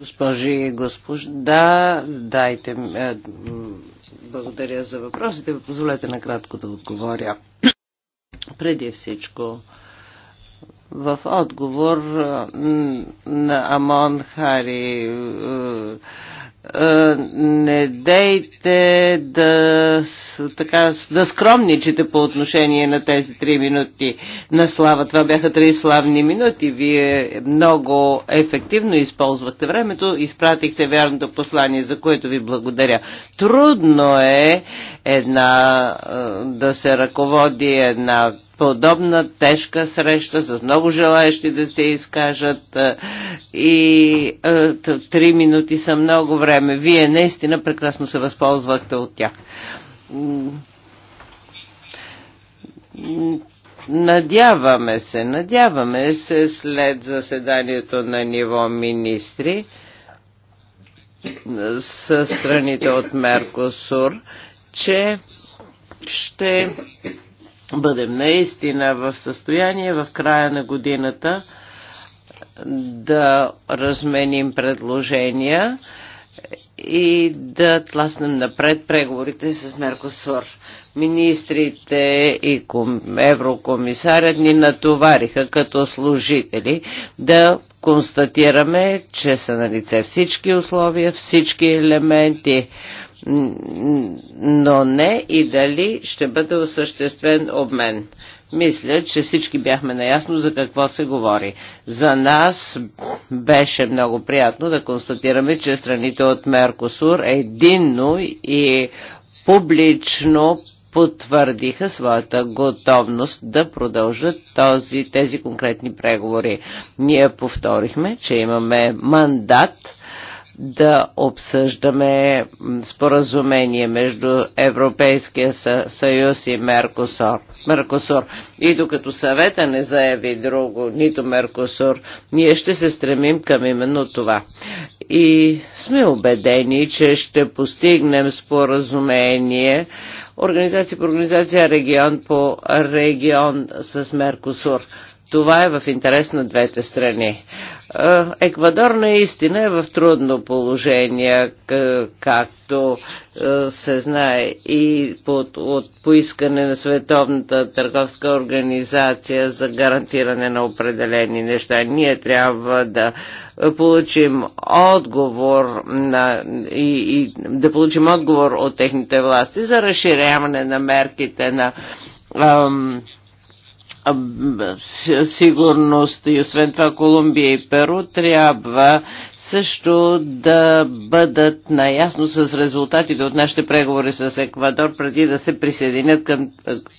Госпожи и господа, дайте е, благодаря за въпросите. Позволете накратко да отговоря. Преди всичко, в отговор на Амон Хари е, е, не дейте да, така, да скромничите по отношение на тези три минути на слава. Това бяха три славни минути. Вие много ефективно използвахте времето, изпратихте вярното послание, за което ви благодаря. Трудно е една, е, да се ръководи една подобна тежка среща с много желаящи да се изкажат и три минути са много време. Вие наистина прекрасно се възползвахте от тях. Надяваме се, надяваме се след заседанието на ниво министри с страните от Меркосур, че ще бъдем наистина в състояние в края на годината да разменим предложения и да тласнем напред преговорите с Меркосур. Министрите и еврокомисарят ни натовариха като служители да констатираме, че са на лице всички условия, всички елементи но не и дали ще бъде осъществен обмен. Мисля, че всички бяхме наясно за какво се говори. За нас беше много приятно да констатираме, че страните от Меркосур единно и публично потвърдиха своята готовност да продължат този, тези конкретни преговори. Ние повторихме, че имаме мандат да обсъждаме споразумение между Европейския съюз и Меркосор. Меркосур. И докато съвета не заяви друго, нито Меркосур, ние ще се стремим към именно това. И сме убедени, че ще постигнем споразумение организация по организация, регион по регион с Меркосур. Това е в интерес на двете страни. Е, Еквадор наистина е в трудно положение, както е, се знае и под, от поискане на Световната търговска организация за гарантиране на определени неща. Ние трябва да получим отговор на, и, и да получим отговор от техните власти за разширяване на мерките на ам, сигурност и освен това Колумбия и Перу трябва също да бъдат наясно с резултатите от нашите преговори с Еквадор преди да се присъединят към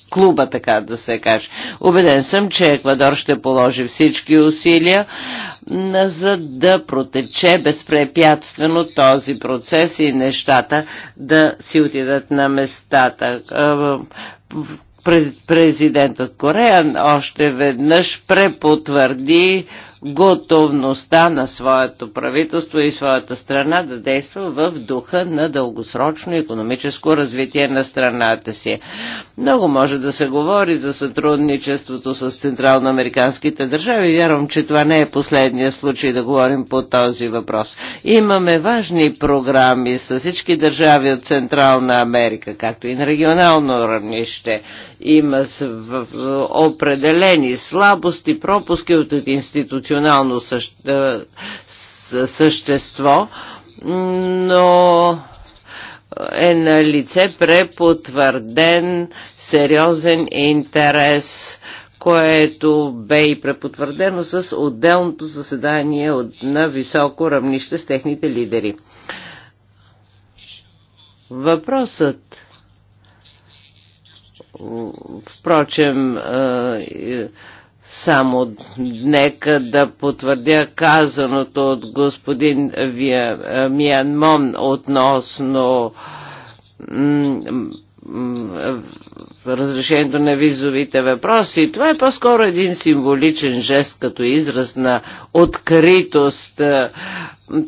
клуба, така да се каже. Обеден съм, че Еквадор ще положи всички усилия за да протече безпрепятствено този процес и нещата да си отидат на местата Президентът Кореян още веднъж препотвърди готовността на своето правителство и своята страна да действа в духа на дългосрочно економическо развитие на страната си. Много може да се говори за сътрудничеството с централноамериканските държави. Вярвам, че това не е последния случай да говорим по този въпрос. Имаме важни програми с всички държави от Централна Америка, както и на регионално равнище. Има определени слабости, пропуски от институции институционално е, същество, но е на лице препотвърден сериозен интерес, което бе и препотвърдено с отделното заседание на високо равнище с техните лидери. Въпросът Впрочем, е, е, само нека да потвърдя казаното от господин е, Миянмон относно разрешението на визовите въпроси. Това е по-скоро един символичен жест като израз на откритост е,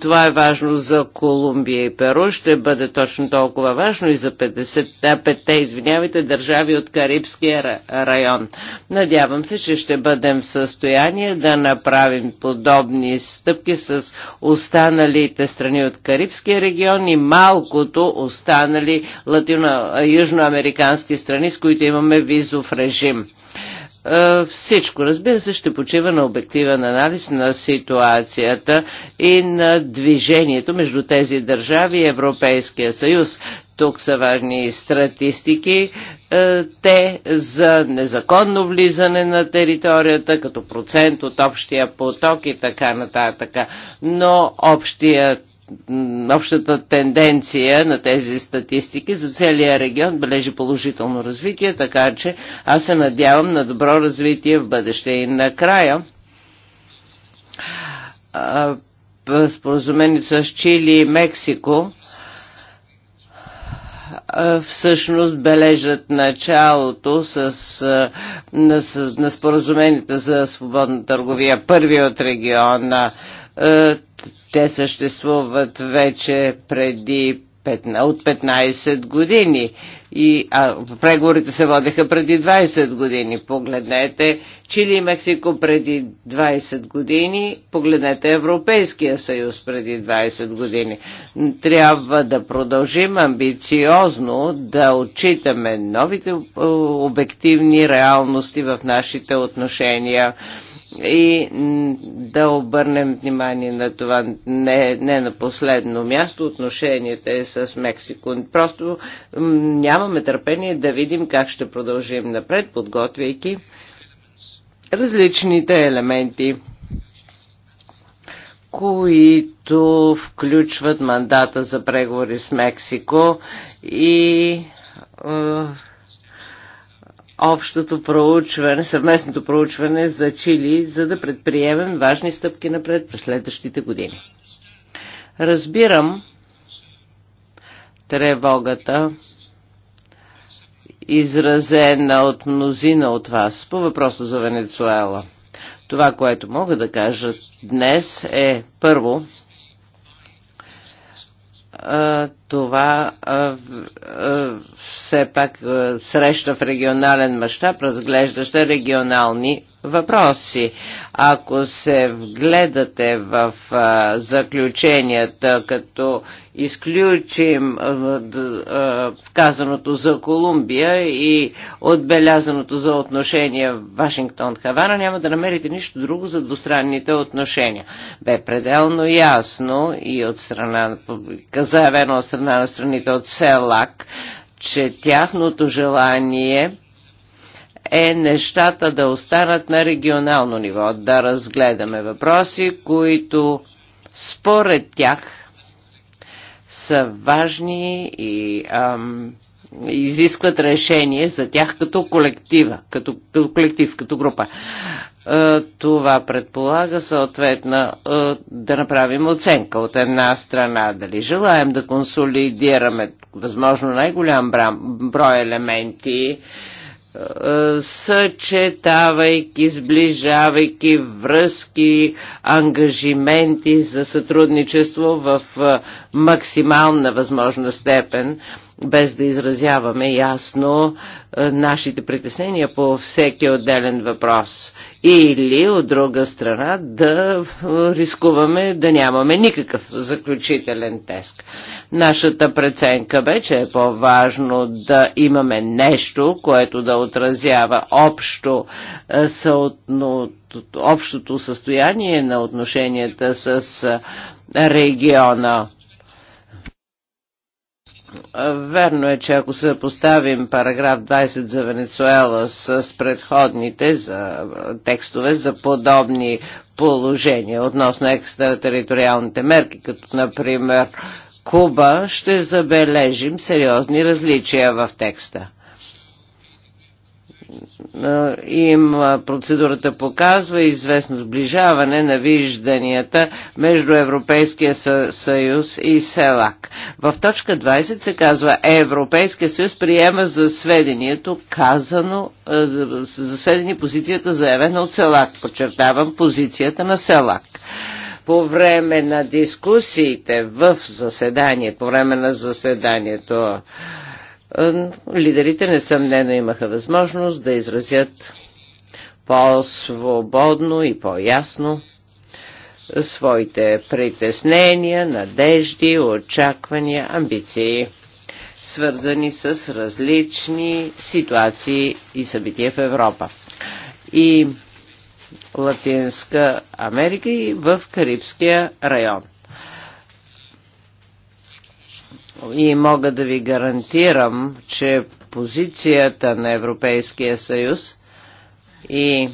това е важно за Колумбия и Перу, ще бъде точно толкова важно и за 55-те, извинявайте, държави от Карибския район. Надявам се, че ще бъдем в състояние да направим подобни стъпки с останалите страни от Карибския регион и малкото останали латино-южноамерикански страни, с които имаме визов режим. Е, всичко, разбира се, ще почива на обективен анализ на ситуацията и на движението между тези държави и Европейския съюз. Тук са важни статистики. Е, те за незаконно влизане на територията, като процент от общия поток и така нататък. Но общият общата тенденция на тези статистики за целия регион бележи положително развитие, така че аз се надявам на добро развитие в бъдеще. И накрая, споразумението с Чили и Мексико, всъщност бележат началото с, на, с, на споразуменията за свободна търговия, първи от региона. Те съществуват вече преди от 15 години. И, а, преговорите се водеха преди 20 години. Погледнете Чили и Мексико преди 20 години, погледнете Европейския съюз преди 20 години. Трябва да продължим амбициозно да отчитаме новите обективни реалности в нашите отношения и да обърнем внимание на това не, не на последно място отношенията е с Мексико. Просто нямаме търпение да видим как ще продължим напред, подготвяйки различните елементи, които включват мандата за преговори с Мексико и общото проучване, съвместното проучване за Чили, за да предприемем важни стъпки напред през следващите години. Разбирам тревогата, изразена от мнозина от вас по въпроса за Венецуела. Това, което мога да кажа днес е първо, това а, а, все пак а, среща в регионален мащаб, разглеждаща регионални въпроси. Ако се вгледате в а, заключенията, като изключим а, а, казаното за Колумбия и отбелязаното за отношения Вашингтон-Хавана, няма да намерите нищо друго за двустранните отношения. Бе пределно ясно и от страна, казаявено от страна страна на страните от СЕЛАК, че тяхното желание е нещата да останат на регионално ниво, да разгледаме въпроси, които според тях са важни и ам, изискват решение за тях като колектива, като, като колектив, като група. Е, това предполага съответно е, да направим оценка от една страна, дали желаем да консолидираме възможно най-голям брой елементи, е, съчетавайки, сближавайки връзки, ангажименти за сътрудничество в максимална възможна степен, без да изразяваме ясно е, нашите притеснения по всеки отделен въпрос. Или, от друга страна, да е, рискуваме да нямаме никакъв заключителен тест. Нашата преценка бе, че е по-важно да имаме нещо, което да отразява общо е, съотното общото състояние на отношенията с региона. Верно е, че ако се поставим параграф 20 за Венецуела с предходните за текстове за подобни положения относно екстратериториалните мерки, като например Куба, ще забележим сериозни различия в текста. Е, им процедурата показва известно сближаване на вижданията между Европейския съюз и СЕЛАК. В точка 20 се казва Европейския съюз приема за сведението казано, е, за сведени позицията заявена от СЕЛАК. Подчертавам позицията на СЕЛАК по време на дискусиите в заседанието, по време на заседанието е, лидерите несъмнено имаха възможност да изразят по-свободно и по-ясно своите притеснения, надежди, очаквания, амбиции, свързани с различни ситуации и събития в Европа. И Латинска Америка и в Карибския район. и мога да ви гарантирам, че позицията на Европейския съюз и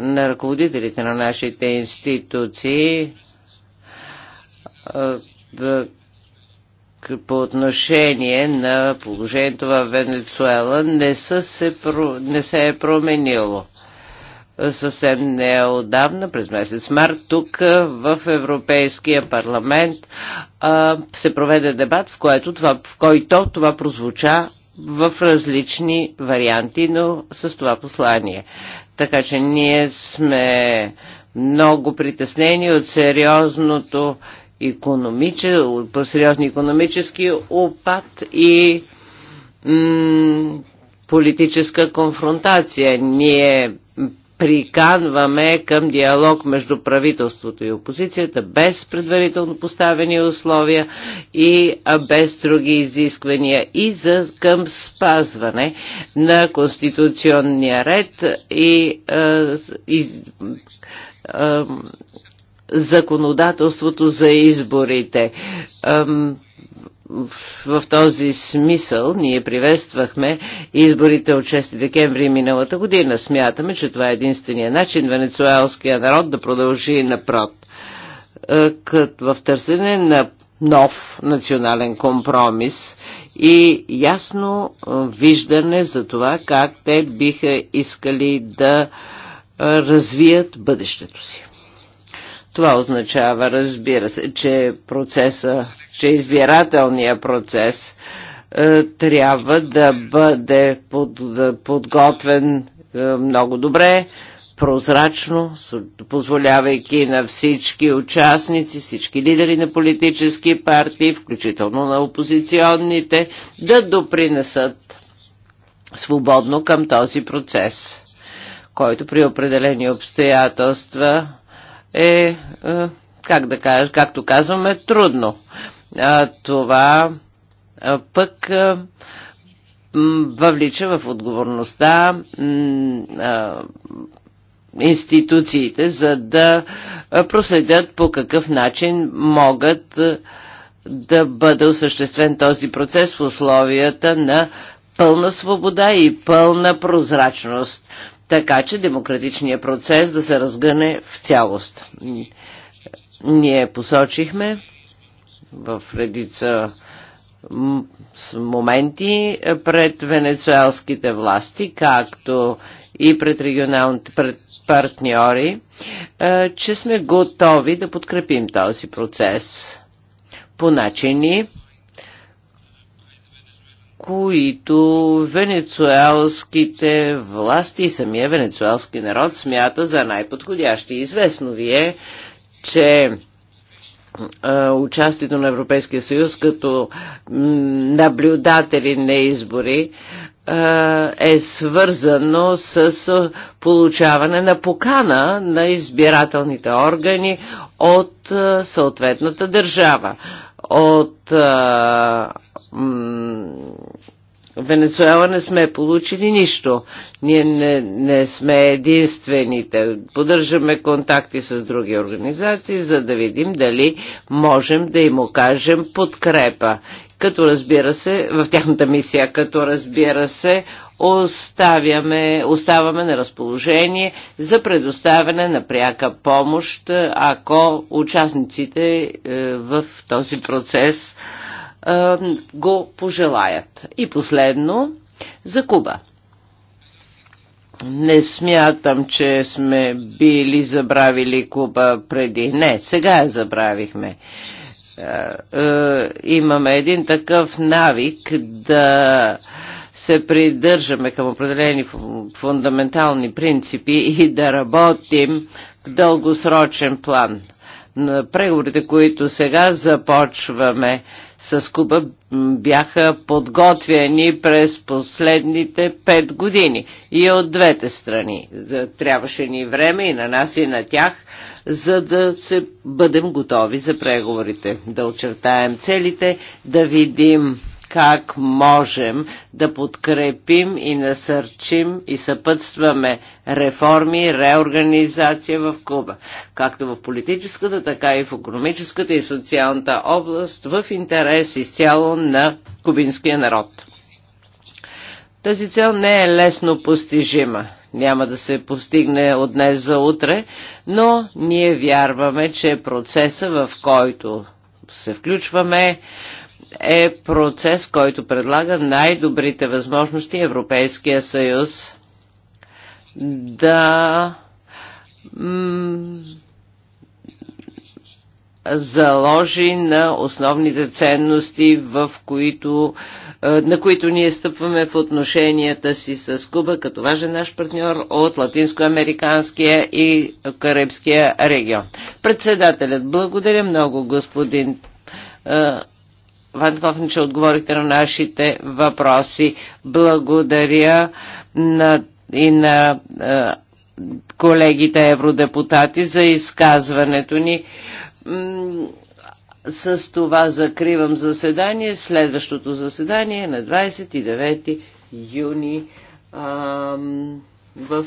на ръководителите на нашите институции по отношение на положението в Венецуела не, са се, не се е променило съвсем неодавна, през месец март, тук в Европейския парламент се проведе дебат, в, който това, в който това прозвуча в различни варианти, но с това послание. Така че ние сме много притеснени от сериозното економиче, по сериозни економически опад и политическа конфронтация. Ние приканваме към диалог между правителството и опозицията без предварително поставени условия и без други изисквания и за към спазване на конституционния ред и, и законодателството за изборите в, в този смисъл ние приветствахме изборите от 6 декември миналата година. Смятаме, че това е единствения начин венецуелския народ да продължи напрот. Е, в търсене на нов национален компромис и ясно е, виждане за това как те биха искали да е, развият бъдещето си. Това означава, разбира се, че процеса че избирателния процес е, трябва да бъде под, подготвен е, много добре, прозрачно, позволявайки на всички участници, всички лидери на политически партии, включително на опозиционните, да допринесат свободно към този процес, който при определени обстоятелства е, е как да кажа, както казваме, трудно а, това а, пък а, въвлича в отговорността а, институциите, за да проследят по какъв начин могат да бъде осъществен този процес в условията на пълна свобода и пълна прозрачност, така че демократичният процес да се разгъне в цялост. Ние посочихме, в редица моменти пред венецуелските власти, както и пред регионалните пред партньори, е, че сме готови да подкрепим този процес по начини, които венецуелските власти и самия венецуелски народ смята за най-подходящи. Известно ви е, че участието на Европейския съюз като наблюдатели на избори е свързано с получаване на покана на избирателните органи от съответната държава, от Венецуела не сме получили нищо. Ние не, не сме единствените. Поддържаме контакти с други организации, за да видим дали можем да им окажем подкрепа. Като разбира се, в тяхната мисия, като разбира се, оставяме, оставаме на разположение за предоставяне на пряка помощ, ако участниците е, в този процес го пожелаят. И последно, за Куба. Не смятам, че сме били забравили Куба преди. Не, сега я забравихме. Имаме един такъв навик да се придържаме към определени фундаментални принципи и да работим в дългосрочен план. На Преговорите, които сега започваме, с Куба бяха подготвяни през последните пет години. И от двете страни. Е, трябваше ни време и на нас, и на тях, за да се бъдем готови за преговорите, да очертаем целите, да видим как можем да подкрепим и насърчим и съпътстваме реформи, реорганизация в Куба, както в политическата, така и в економическата и социалната област, в интерес изцяло на кубинския народ. Тази цел не е лесно постижима. Няма да се постигне от днес за утре, но ние вярваме, че процеса, в който се включваме, е процес, който предлага най-добрите възможности Европейския съюз да заложи на основните ценности, в които, е, на които ние стъпваме в отношенията си с Куба, като важен наш партньор от Латинско-Американския и Карибския регион. Председателят, благодаря много, господин е, Ванкофен, че отговорихте на нашите въпроси. Благодаря на, и на колегите евродепутати за изказването ни. С това закривам заседание. Следващото заседание е на 29 юни в